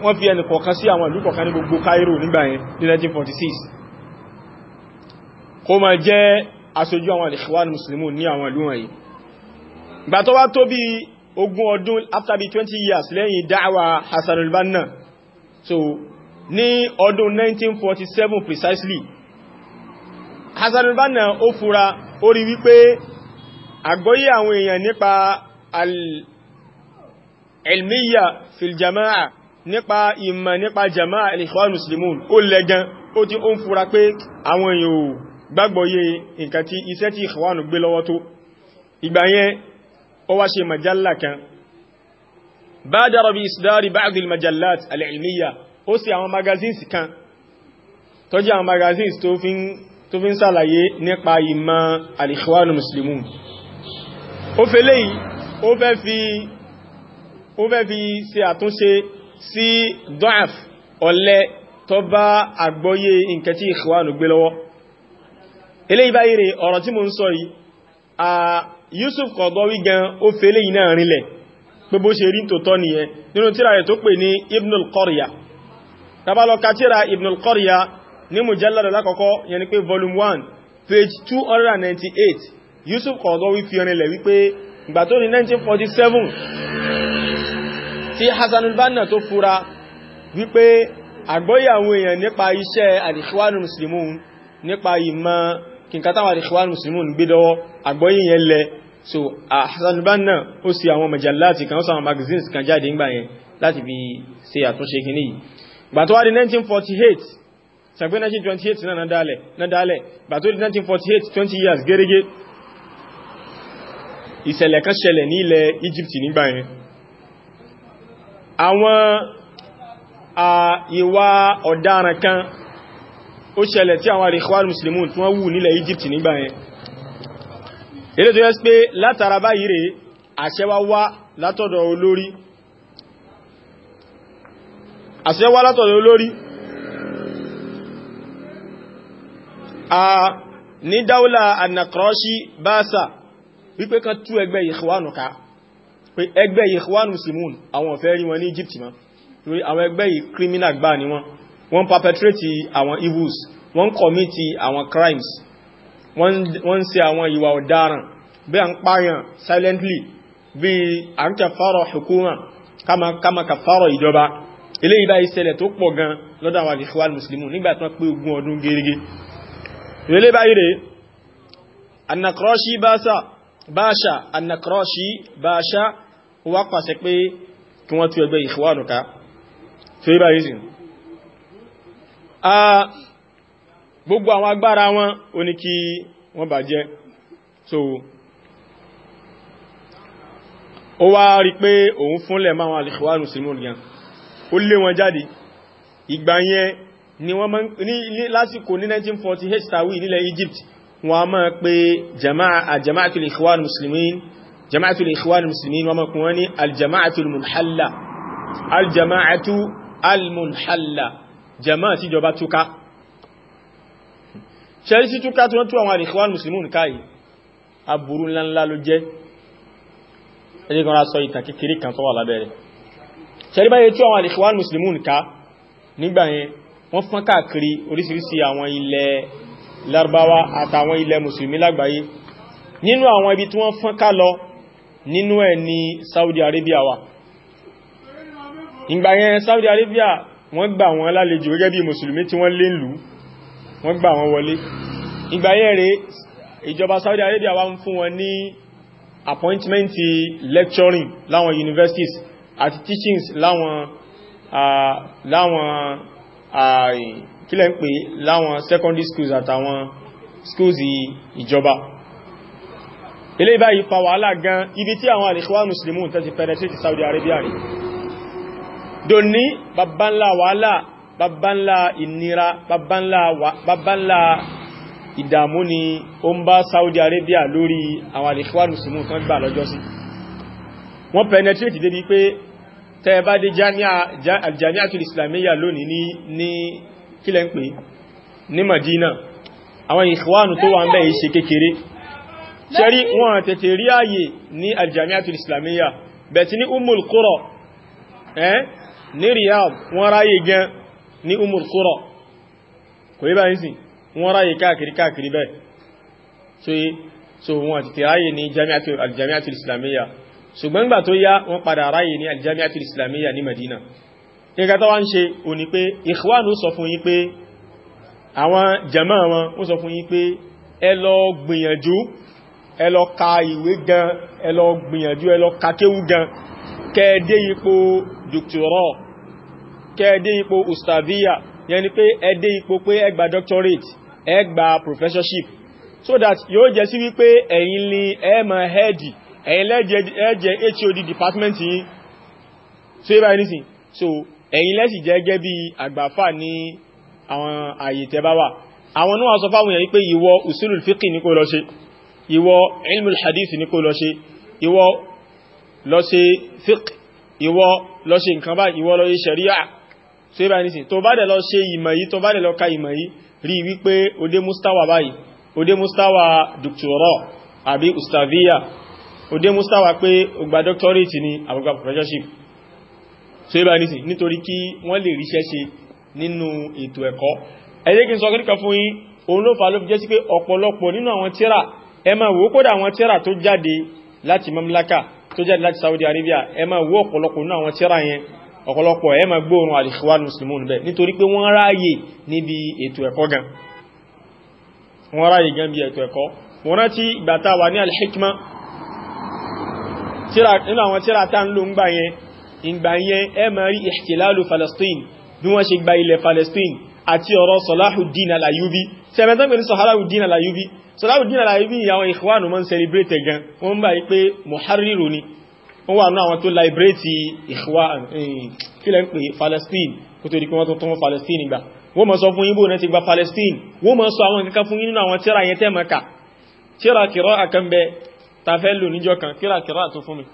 wọ́n fi ẹnì kọ̀ọ̀kan sí àwọn ìlú kọ̀ọ̀kan ní gbogbo Cairo nígbà yẹn ní 1946 kó máa jẹ́ aṣojú àwọn al-Ikhwan ní àwọn ìlú wọ̀nyí ìgbà tó wá tó bí ogún ọdún after bí 20 years lẹ́yìn dáwà Hassan al-Banna so ní ọdún 1947 precisely Hassan al-Banna ó fura ó rí wípé àgbọ́yé àwọn èèyàn nípa al-ilmiya fil jama'a nípa ìmọ̀ nípa jama'a al-ikhwan muslimun ó lẹ́gan ó ti ó ń fura pé àwọn èèyàn ò gbàgbọ́yé nǹkan tí iṣẹ́ tí ikhwan gbé lọ́wọ́ tó ìgbà yẹn ó wá ṣe majalla kan bádàrà bí isdari ba'd al-majallat al ó sì àwọn magazines kan tó àwọn magazines tó fi ń sàlàyé nípa ìmọ̀ al-ikhwan muslimun ó fẹ́ léyìí ó fẹ́ fi ó fẹ́ fi ṣe àtúnṣe sí dọ́àf ọ̀lẹ tó bá àgbọ́yé nǹkan tí ìkwánù gbé lọ́wọ́ eléyìí báyìí rẹ̀ ọ̀rọ̀ tí mo ń sọ yìí a Yusuf Qaradawi gan ó fẹ́ léyìí náà rinlẹ̀ pé bó ṣe rí tòótọ́ nìyẹn nínú tíra rẹ̀ tó pè ní Ibnul Qarya tabalọ́ka tíra Ibnul Qarya ní mujallada lákọ̀ọ́kọ́ yẹn ni pé volume 1 page 298 Yusuf Qaradawi fi rinlẹ̀ wípé ìgbà tó ní 1947 tí Hassan al-Banna tó fura wípé àgbọ́yé àwọn èèyàn nípa iṣẹ́ al-Ikhwan al-Muslimun nípa ìmọ̀ kìnkátàwà al-Ikhwan al-Muslimun so Hassan al-Banna ó sì àwọn majalati magazines kan jáde ńgbà yẹn láti fi ṣe àtúnṣe kìíní yìí gbà tó wá 1948 sàgbé 1928 náà nádálẹ̀ nádálẹ̀ di 1948 20 years gẹ́gẹ́ ìṣẹ̀lẹ̀ kan ṣẹlẹ̀ ní ilẹ̀ Egypt nígbà yẹn àwọn ìwà ọ̀daràn kan ó ṣẹlẹ̀ tí àwọn Ikhwan Muslimun tí wọ́n wù nílẹ̀ Egypt nígbà yẹn ilé tó yẹ́ sí pé látara báyìí rẹ̀ àṣẹwá wá látọ̀dọ̀ olórí àṣẹwá látọ̀dọ̀ olórí a ní dáúlà annakroshi basa wípé kan tú ẹgbẹ́ ìhwánù ká pé ẹgbẹ́ ìhwánù simon àwọn ọ̀fẹ́ rí wọn ní Egypt mọ́ lórí àwọn ẹgbẹ́ yìí criminal gbà ní wọn wọ́n perpetrate àwọn evils wọ́n commit àwọn crimes wọ́n ń ṣe àwọn ìwà ọ̀daràn bí à ń pààyàn silently bí à ń kẹfàrọ̀ hukuma kama kàfàrọ̀ ìjọba eléyìí bá ìṣẹ̀lẹ̀ tó pọ̀ gan lọ́dọ̀ àwọn ìhwánù muslimun nígbà tí wọ́n pé ogún ọdún gẹ́gẹ́ eléyìí bá yìí rèé anakroshi basa báṣà annakroshi báṣà wá pàṣẹ pé kí wọ́n tú ẹgbẹ́ ìfúwánù ká tí ó bá rí sí gbogbo àwọn agbára wọn ó ní kí wọ́n bà jẹ́ so ó wá rí pé òun fúnlẹ̀ máa wọn alìfúwánù sí mún ó lé wọn jáde ìgbà yẹn ni wọ́n máa ní lásìkò ní 1948 tàwí nílẹ̀ Egypt wọn a máa pè jama'atul ikhwan muslimin jama'atul ikhwan muslimin wọn máa pè wọ́n ní aljama'atul munhalla aljama'atu almunhalla jama'a tí jọba túká ṣẹ́rí sí túká tí wọ́n tú àwọn ikhwan muslimin káyìí aburú ńláńlá ló jẹ́ ẹjẹ́ kan rá sọ ìtàn kékeré kan tó wà lábẹ́rẹ̀ ṣẹ́rí báyé tú àwọn ikhwan muslimin ká nígbà yẹn wọ́n fọ́n káàkiri oríṣiríṣi àwọn ilẹ̀ Lárúbáwá àtàwọn ilẹ̀ mùsùlùmí lágbàáyé nínú àwọn ibi tí wọ́n fọ́n ká lọ nínú ẹ̀ ní Saudi Arabia wà ìgbà yẹn Saudi Arabia wọ́n gbà wọ́n lálejò gẹ́gẹ́ bí mùsùlùmí tí wọ́n lé lù wọ́n gbà wọ́n wọlé ìgbà rẹ̀ ìjọba Saudi Arabia wá ń fún wọn ní appointment lecturing láwọn universities àti teachings láwọn láwọn kílẹ̀ ń pè láwọn secondary schools àtàwọn schools ìjọba ilé báyìí fa wàhálà gan ibi tí àwọn al-Ikhwan tẹ́ ti penetrate Saudi Arabia rí dòní babbanla wàhálà babbanla ìnira babbanla ìdàmú ni ó ń bá Saudi Arabia lórí àwọn al-Ikhwan Muslimun tán gbà lọ́jọ́ sí wọ́n penetrate débi pé tẹ́ẹ̀bá dé jami'a al-Jami'atul lónìí ní kí lẹ́ ń pè ní Madina àwọn ìkwánu tó wà ń bẹ́ ìṣe kékeré ṣẹ́rí wọn tètè rí ààyè ní aljamiatul islamiyya bẹ̀tí ní umul qura ẹ́ ní Riyadh wọ́n ráyè gan ní umul qura kò yí báyìí sí wọ́n ráyè káàkiri káàkiri bẹ́ẹ̀ so wọn tètè ráyè ní aljamiatul islamiyya ṣùgbọ́n gbà tó yá wọ́n padà ráyè ní aljamiatul islamiyya ní Madina nǹkan tó wá ń ṣe ò ní pé ìkwánù sọ fún yín pé àwọn jàmá wọn wọ́n sọ fún yín pé ẹ lọ gbìyànjú ẹ lọ ka ìwé gan ẹ gbìyànjú ẹ ka kéwú gan kẹ́ẹ̀dé ipò dùkútùrọ̀ kẹ́ẹ̀dé ipò ustaviya yẹni pé ẹdé ipò pé ẹ doctorate ẹ professorship so that yóò jẹ́ sí wípé ẹ̀yin ni ẹ máa head ẹ̀yin HOD department yìí so ibà nísìn so ẹ̀yin lẹ́sì jẹ́gẹ́ bí àgbàfà ní àwọn àyè tẹ́ bá wà àwọn náà sọ fáwọn èèyàn pé ìwọ usulul fiqh ní kó lọ ṣe ìwọ ilmul hadith ní kó lọ ṣe ìwọ lọ ṣe fiqh ìwọ lọ ṣe nǹkan bá ìwọ lọ ṣe sharia tó yíba nísìn tó bá dẹ̀ lọ ṣe ìmọ̀ yìí tó bá mustawa báyìí odé mustawa doctorate àbí ustaviya odé mustawa pé ó gba doctorate ni àbúgbà professorship so ibà nísì nítorí kí wọ́n lè ríṣẹ́ ṣe nínú ètò ẹ̀kọ́ ẹ̀yẹ́ kí n sọ kíríkà fún yín òun ló fà ló fi jẹ́ sí pé ọ̀pọ̀lọpọ̀ nínú àwọn tíra ẹ máa kódà àwọn tíra tó jáde láti mamlaka tó jáde láti Saudi Arabia ẹ máa wò ọ̀pọ̀lọpọ̀ nínú àwọn tíra yẹn ọ̀pọ̀lọpọ̀ ẹ máa gbóòrùn al-Ikhwan Muslimun bẹ́ẹ̀ nítorí pé wọ́n ráàyè níbi ètò ẹ̀kọ́ gan wọ́n ráàyè gan bí ètò ẹ̀kọ́ wọ́n rántí ìgbà tá wà ní al nínú àwọn tíra tá ń lò ń gbà yẹn ìgbà yẹn ẹ máa rí ihtilalu Palestine bí wọ́n ṣe gba ilẹ̀ Palestine àti ọ̀rọ̀ Salahuddin Al-Ayyubi sẹ́mẹ́tọ́ pẹ̀lú Salahuddin Al-Ayyubi Salahuddin Al-Ayyubi àwọn ikhwanu máa ń celebrate gan wọ́n bá yí pé muharriru ni wọ́n wà náà àwọn tó liberate ikhwan eh, kílẹ̀ ń pè Palestine kó tó di pé wọ́n tó tún Palestine gbà wọ́n mọ̀ sọ fún yín bó tafẹ́ lò níjọ kan tíra kìrọ́ àtún fún mi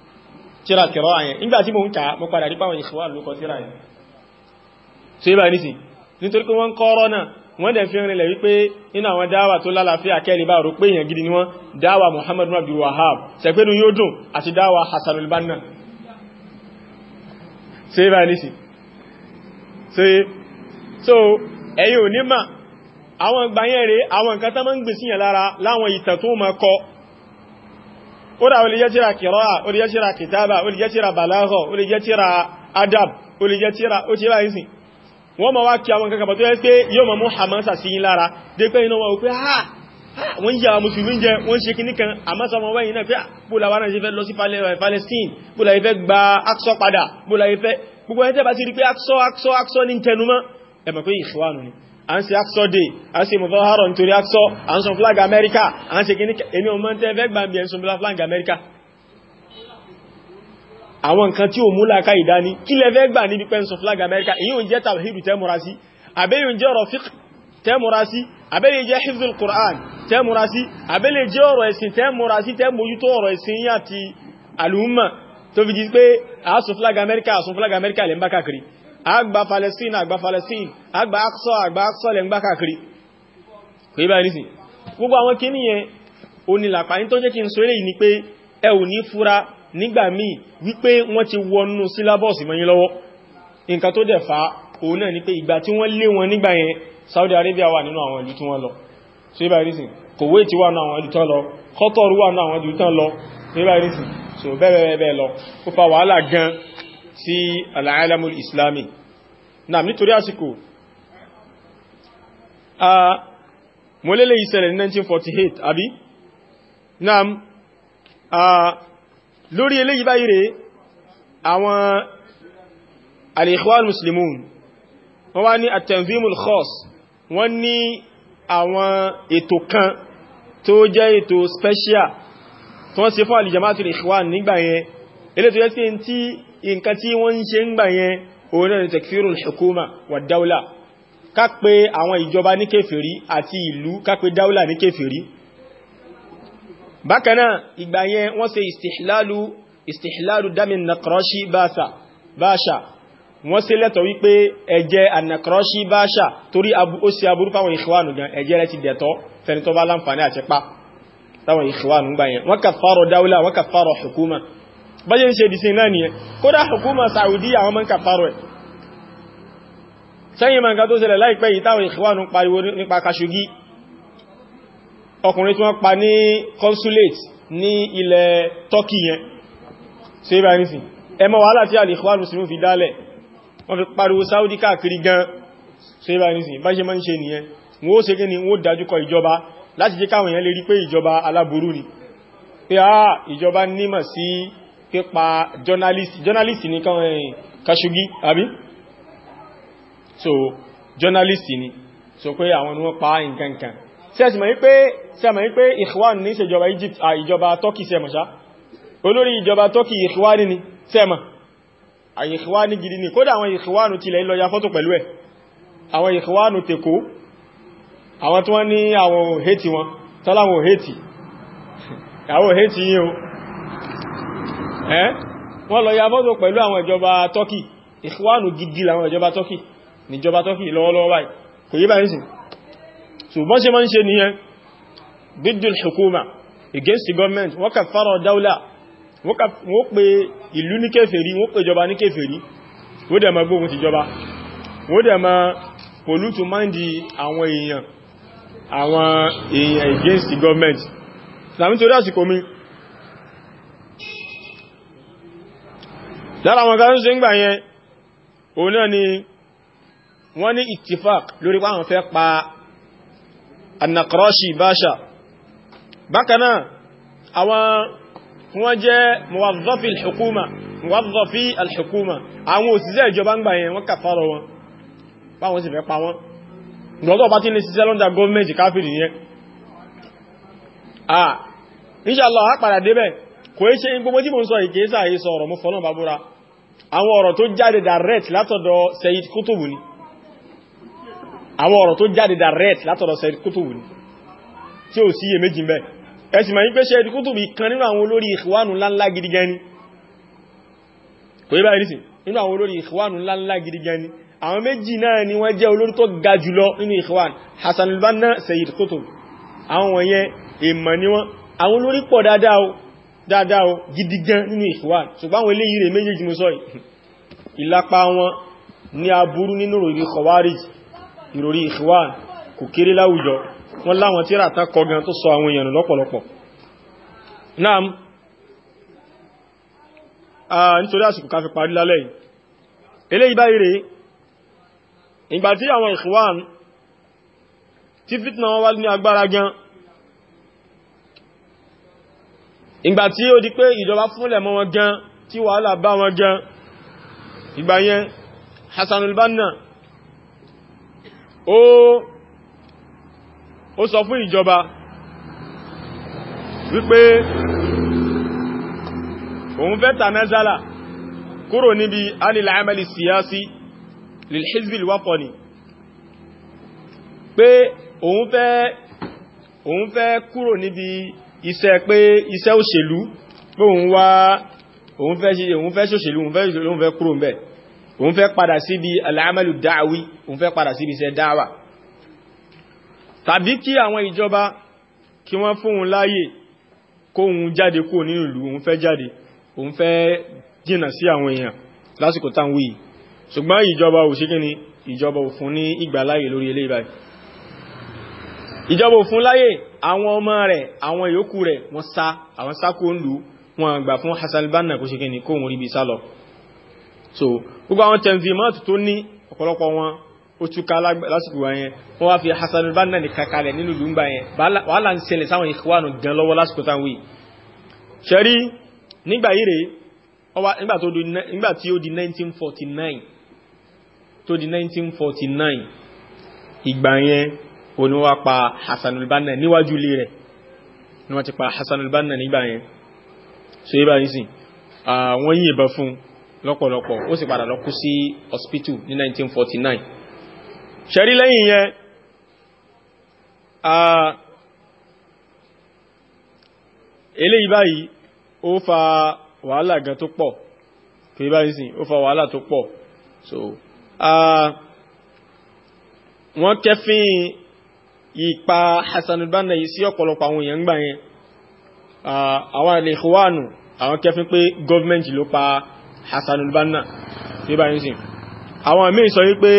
tíra kẹrọ àyẹn nígbà tí mo ń kà mo padà rí páwọn ìṣòwà ló kọ tíra yẹn so ibà nísìn nítorí pé wọ́n kọ́rọ́ náà wọ́n dẹ̀ fi rinlẹ̀ wípé nínú àwọn dáwà tó lálàáfíà kẹ́lì bá rò pé èèyàn gidi ni wọ́n dáwà Muhammadu Abdul Wahab sẹ̀pẹ́nu yóò dùn àti dáwà Hassanul Banna so ibà nísìn so ẹ̀yin ò ní mà àwọn gbàyẹ̀rẹ̀ àwọn nǹkan tó máa ń gbèsíyàn lára láwọn ìtàn kódà ó lè jẹ́ tíra kìrọ́à ó lè jẹ́ tíra kìtàbà ó lè jẹ́ tíra balagha ó lè jẹ́ tíra adab ó lè jẹ́ tíra ó ti bá yìí sìn wọ́n ma wá kí àwọn kankan tó yẹ pé yóò ma mú hamasa sí yín lára dé pé iná wọn pé ha ah, ah, wọ́n yí àwọn mùsùlùmí jẹ wọ́n ṣe kìíní kan àmásà ọmọ wẹ́yìn náà pé ah, bóla wọn ṣe fẹ́ lọ sí eh, Palestine bóla yìí gba aksọ padà bóla yìí gbogbo ẹ̀ tẹ́ bá ti rí pé aksọ aksọ aksọ ní tẹnumọ́ ẹ̀mọ̀ pé ìṣòwánù ni à ń ṣe aksọ dé à ń ṣe mọ̀tọ́hárọ̀ nítorí aksọ à ń sọ flag America, à ń ṣe kíní èmi ọmọ tẹ́ fẹ́ gbàmbi ẹ̀ ń sọ flag America. àwọn nǹkan tí ò múlá ká ìdání kí lẹ fẹ́ gbà níbi pẹ́ ń sọ flag America, èyí ò ń jẹ́ tàwíìdù tẹ́múra sí àbẹ́yìn jẹ́ ọ̀rọ̀ fíkì tẹ́múra sí àbẹ́lẹ̀ jẹ́ hifzul Qur'an tẹ́múra sí àbẹ́lẹ̀ jẹ́ ọ̀rọ̀ ẹ̀sìn tẹ́múra sí tẹ́mójútó ọ̀rọ̀ ẹ̀sìn yá ti alùmọ̀ tó fi di pé àásùn flag Amẹ́ríkà àásùn flag America lè ń bá káàkiri àgbà Palestine àgbà Palestine àgbà Aqsa àgbà Aqsa lẹ́ ń gbá káàkiri kò yí báyìí nísìn gbogbo àwọn kíní yẹn onílàpá ní tó jẹ́ kí n sọ eléyìí ni pé ẹ ò ní fura nígbà míì wípé wọ́n ti wọnú sílábọ̀sì mọ́ yín lọ́wọ́ nǹkan tó dẹ̀ fa òun náà ni pé ìgbà tí wọ́n lé wọn nígbà yẹn Saudi Arabia wà nínú àwọn ìlú tí wọ́n lọ so yí báyìí nísìn Kuwait wà nínú àwọn ìlú tán lọ Qatar wà nínú àwọn ìlú tán lọ so yí báyìí nísìn so bẹ́ẹ̀ bẹ́ẹ̀ bẹ́ẹ̀ lọ ó fa wàhálà gan sí al'alamul islami náà nítorí àsìkò a mọ́lẹ́lẹ̀ ìṣẹ̀lẹ̀ 1948 àbí náà a lórí eléyìí báyìí rẹ̀ àwọn al-ikhwan muslimun wọ́n wá ní at-tanzimul khas wọ́n ní àwọn ètò kan tó jẹ́ ètò special tó wọ́n ṣe fún al-jama'atul ikhwan ilé tó yẹ sí tí nǹkan tí wọ́n ń ṣe ń gbà yẹn òun náà ni tekfirul hukuma wà dáúlà ká pé àwọn ìjọba ní kèfèrí àti ìlú ká dáúlà ní kèfèrí bákanáà ìgbà yẹn wọ́n ṣe istihlalu istihlalu damin nakroshi báṣà wọ́n ṣe lẹ́tọ̀ wípé ẹ̀jẹ̀ anakroshi báṣà torí ó ṣe aburú fáwọn ìṣwánu gan ẹ̀jẹ̀ rẹ̀ ti dẹ̀tọ́ fẹni tó bá láǹfààní àti pa táwọn ìṣwánu báyẹ̀ ń ṣe dìsìn náà nìyẹn kódà hukuma Saudi àwọn mọ́ ń kàfàrọ̀ ẹ̀ sẹ́yìn mọ́ nǹkan tó ṣẹlẹ̀ láìpẹ́ yìí táwọn ìkhwánu pariwo nípa Khashoggi ọkùnrin tí wọ́n pa ní consulate ní ilẹ̀ Turkey yẹn ṣe bá ní sí ikhwan Muslimun fi dálẹ̀ Saudi káàkiri gan ṣe bá ní sí bá ṣe mọ́ ń ṣe nìyẹn wọ́n ó ṣe kí ni wọ́n dájúkọ ìjọba láti jẹ́ ni pé ah ìjọba nímọ̀ sí pípa journalist journalist ní eh, Khashoggi àbí so journalist ni so pé àwọn ni wọ́n pa nǹkankan sẹ́sìmọ̀ wípé sẹ́mọ̀ wípé Ikhwan ní ìṣèjọba Egypt à ìjọba Turkey sẹ́mọ̀ sá olórí ìjọba Turkey Ikhwan ni sẹ́mọ̀ àyè Ikhwan gidi ni kódà àwọn Ikhwan tilẹ̀ lọ ya fọ́tò pẹ̀lú ẹ̀ àwọn Ikhwan tèkó àwọn tí wọ́n ní àwọn òhètì wọn tọ́láwọn òhètì àwọn òhètì ẹ́ eh? wọ́n lọ ya fọ́tò pẹ̀lú àwọn ìjọba turkey ìkwánù gidi làwọn ìjọba turkey níjọba turkey lọ́wọ́lọ́wọ́ báyìí kò yí báyìí sí ṣùgbọ́n ṣe máa ń ṣe nìyẹn bidul hukuma against the government wọ́n kà fara dáúlà wọ́n pe ìlú ní kèfèrí wọ́n pe ìjọba ní kèfèrí wọ́n dẹ̀ àwọn èèyàn against the government làmítorí àsìkò mi lára àwọn kan ṣe ń gbà yẹn òun náà ni wọ́n ní ittifaq lórí pàwọn fẹ́ pa annakroshi basha bákanáà àwọn wọ́n jẹ́ muwadhafi alhukuma muwadhafi alhukuma àwọn òṣìṣẹ́ ìjọba ń gbà yẹn wọ́n kàfàrọ wọn báwọn sì fẹ́ pa wọn lọ́dọ̀ bá tí kò é ṣe gbogbo tí mo ń sọ ìkéésà yìí sọ ọ̀rọ̀ mú fọ́nà bàbúra àwọn ọ̀rọ̀ tó jáde direct látọ̀dọ̀ Sayyid Kutubu ni àwọn ọ̀rọ̀ tó jáde direct látọ̀dọ̀ Sayyid Kutubu ni tí ò sí iye méjì mẹ́ ẹ̀sì ma ń pẹ́ Sayyid Kutubu kan nínú àwọn olórí ìkwánu ńláńlá gidi gan ni kò yí báyìí nísìn nínú àwọn olórí ìkwánu ńláńlá gidi gan ni àwọn méjì náà ni wọ́n jẹ́ olórí tó ga jùlọ Hassan al-Banna Kutubu àwọn wọ̀nyẹn èèmọ̀ ni wọ́n dáadáa o gidi gan nínú ìfúwà ṣùgbọ́n àwọn eléyìí rẹ̀ méjèèjì mo sọ ìlapa wọn ní aburú nínú ìròrí khawarij ìròrí ìfúwà kò kéré láwùjọ wọn láwọn tíra tán kọ gan tó sọ àwọn èèyàn lọ́pọ̀lọpọ̀ naam nítorí àsìkò ká fi parí lálẹ́ yìí eléyìí báyìí rèé ìgbà tí ó di pé ìjọba fúnlẹ̀ mọ́ wọn gan tí wàhálà bá wọn gan ìgbà yẹn Hassan al ó ó sọ fún ìjọba wípé òun fẹ́ tanazala kúrò níbi anil amali siyasi lil hizbil pé òun fẹ́ kúrò níbi iṣẹ́ pé iṣẹ́ òṣèlú pé òun wá òun fẹ́ ṣe òun fẹ́ ṣòṣèlú òun fẹ́ òṣèlú òun fẹ́ kúrò ń bẹ̀ òun fẹ́ padà síbi al-amalu da'awi òun fẹ́ padà síbi iṣẹ́ dáwà tàbí kí àwọn ìjọba kí wọ́n fóun láàyè kóun jáde kúrò nínú ìlú òun fẹ́ jáde òun fẹ́ jìnà sí àwọn èèyàn lásìkò táwọn wí ṣùgbọ́n ìjọba ò ṣe kí ni ìjọba ò fún ní ìgbàláyè lórí eléyìí báyìí ìjọba òfun láyè àwọn ọmọ rẹ̀ àwọn ìyókù rẹ̀ wọ́n sá àwọn sákò ń lù wọn gbà fún Hassan al-Banna kó ṣe kí ni kóhun rí sálọ so gbogbo àwọn tẹ̀mfìmọ́tù tó ní ọ̀pọ̀lọpọ̀ wọn ó túká lásìkò yẹn wọ́n wá fi Hassan al-Banna ní kakalẹ̀ nínú lùmbà yẹn wàhálà ń ṣẹlẹ̀ sáwọn ìkúwànù gan lọ́wọ́ lásìkò táwọn yìí ṣẹ̀rí nígbà yìí rèé nígbà tí ó di 1949 tó di 1949 ìgbà yẹn òní wá pa Hassanul níwájú ilé rẹ̀ ni wọ́n ti pa Hassanul Banna nígbà yẹn so yíba yìí sìn wọ́n yí ìbọn fún lọ́pọ̀lọpọ̀ ó sì padà lọ sí hospital ní 1949 ṣẹ́rí lẹ́yìn yẹn eléyìí báyìí ó fa wàhálà gan tó pọ̀ kò yíba yìí sìn ó fa wàhálà tó pọ̀ so wọ́n kẹfín ipa Hassan al-Banna yìí sí ọ̀pọ̀lọpọ̀ àwọn èèyàn gbà yẹn àwọn ilẹ̀ ìkọwàánù àwọn kẹfin pé gọ́ọ̀mẹ́ntì ló pa Hassan al-Banna tí bá yìí sí àwọn mìí sọ wípé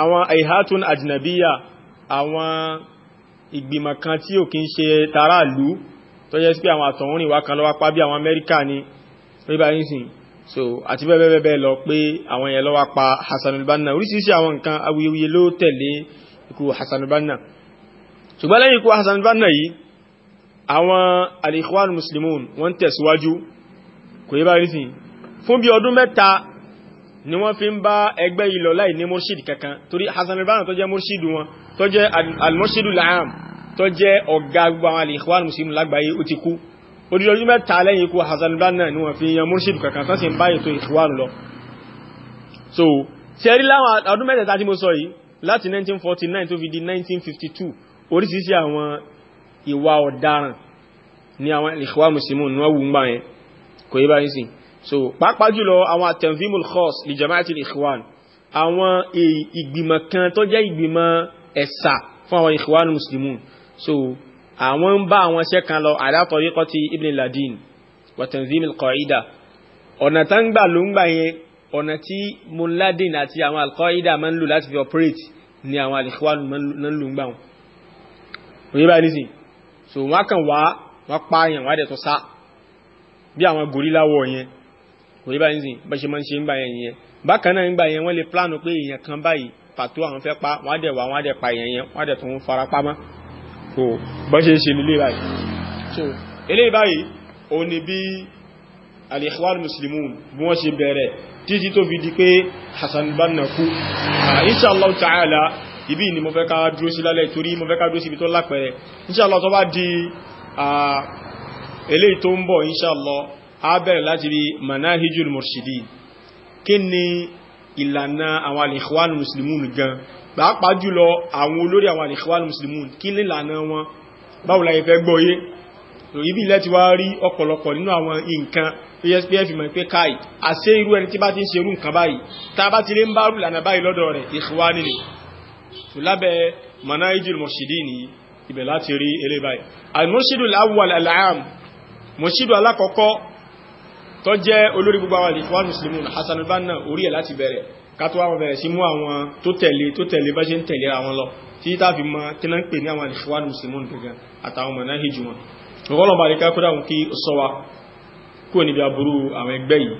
àwọn aihatun ajinabiya àwọn ìgbìmọ̀ kan tí ò kí ń ṣe tàràlú tó jẹ́ sí pé àwọn àtọ̀húnrìn wá kan lọ́wọ́ pa bí àwọn Amẹ́ríkà ni tí bá yìí sí so àti bẹ́ẹ̀ bẹ́ẹ̀ lọ pé àwọn yẹn lọ́wọ́ pa Hassan al-Banna oríṣiríṣi àwọn nǹkan awuyewuye ló tẹ̀lé ikú Hassan al-Banna ṣùgbọ́n lẹ́yìn ikú Hassan al-Banna yìí àwọn al-Ikhwan muslimun wọ́n tẹ̀síwájú kò yẹ bá rí sí fún bí ọdún mẹ́ta ni wọ́n fi ń bá ẹgbẹ́ yìí lọ láì ní murshid kankan torí Hassan al-Banna tó jẹ́ murshid wọn tó jẹ́ al-murshid al-aam tó jẹ́ ọ̀gá gbogbo àwọn al-Ikhwan lágbàáyé ó ti kú so ṣe rí láwọn ọdún mẹ́tẹ̀ẹ̀ta tí láti 1949 tó fi di 1952 oríṣiríṣi àwọn ìwà ọ̀daràn ní àwọn Ikhwan Muslimun ní wọ́n wù ń bá yẹn kò yí báyìí sí so pàápàá jùlọ àwọn at-tanzimul khass li jama'ati al-Ikhwan àwọn ìgbìmọ̀ kan tó jẹ́ ìgbìmọ̀ ẹ̀sà fún àwọn Ikhwan Muslimun so àwọn ń bá àwọn iṣẹ́ kan lọ ala tariqati Ibn Ladin wa tanzimil qaida ọ̀nà tán gbà ló ń gbà yẹn ọ̀nà tí moladin àti àwọn alqaida máa ń lò láti fi operate ni àwọn alikhwanu máa ń lò ń gbà wọn òye báyìí nísìn so wọ́n kàn wá wọ́n pa àyàn wọ́n á dẹ̀ tó sá bí àwọn gorilla wọ̀ yẹn òye báyìí nísìn bá ṣe máa ń ṣe ń gbà yẹn yẹn bákan náà ń gbà yẹn wọ́n lè plánù pé èèyàn kan báyìí pàtó àwọn fẹ́ pa wọ́n á dẹ̀ wá wọ́n á dẹ̀ pa èèyàn yẹn wọ́n á dẹ̀ tó fara pamọ́ so bá ṣe ṣe lélẹ̀ so eléyìí báyìí òun ni bí alikhwan muslimun títí tó fi di pé Hassan Banna kú insha Allah ta'ala ibi ni mo fẹ́ ká dúró sí lálẹ́ torí mo fẹ́ ká dúró sí ibi tó lápẹẹrẹ insha Allah tó bá di eléyìí tó ń bọ̀ insha Allah a bẹ̀rẹ̀ láti bí manahijul murshidi kí ni ìlànà àwọn al-Ikhwan muslimun gan pàápàá jùlọ àwọn olórí àwọn al-Ikhwan kí ni ìlànà wọn báwo la fẹ́ gbọ́yé ibi ilẹ̀ ti wá rí ọ̀pọ̀lọpọ̀ nínú àwọn nǹkan espf mọ̀ pé káì àṣẹ irú ẹni tí bá ti ń ṣerú nǹkan báyìí tá a bá ti lè ń bá rú lànà báyìí lọ́dọ̀ rẹ̀ ìṣúwá nínú tó lábẹ́ manahijul murshidin ní ibẹ̀ láti rí eré báyìí al-murshidul awwal al alákọ̀ọ́kọ́ tó ikhwan muslimun Hasan al-Banna orí ẹ̀ láti bẹ̀rẹ̀ kátó àwọn bẹ̀rẹ̀ sí mú àwọn tó tẹ̀lé tó tẹ̀lé bá ṣe ń ikhwan muslimun gẹ́gẹ́ àtàwọn manahiju wọn ọgọ́lọ̀bà ní kákúrà ń kí sọ wa kúrò níbi aburú àwọn ẹgbẹ́ yìí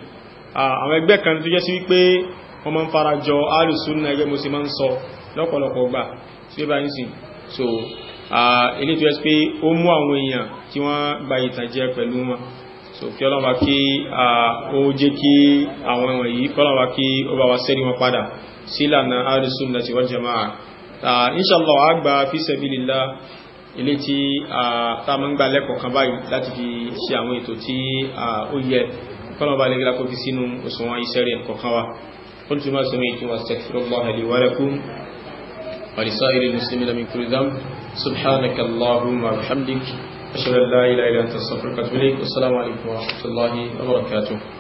àwọn ẹgbẹ́ kan tó jẹ́ sí wípé wọ́n máa ń fara jọ alùsùnà ẹgbẹ́ mo sì máa ń sọ lọ́pọ̀lọpọ̀ gbà tí ó bá ń sìn so ilé tó yẹ́ pé ó mú àwọn èèyàn tí jamaa inshallah àgbà fi sabilillah ilé tí a máa ń gba lẹ́kọ̀ọ́ kan báyìí láti fi ṣe àwọn ètò tí ó yẹ kọ́lọ̀bá lè gílá kó fi sínú òṣùwọ̀n iṣẹ́ rẹ̀ kọ̀ọ̀kan wa قلت ما سمعت واستغفر الله لي ولكم ولسائر المسلمين من كل ذنب سبحانك اللهم وبحمدك أشهد أن لا إله إلا أنت أستغفرك وأتوب إليك والسلام عليكم ورحمة الله وبركاته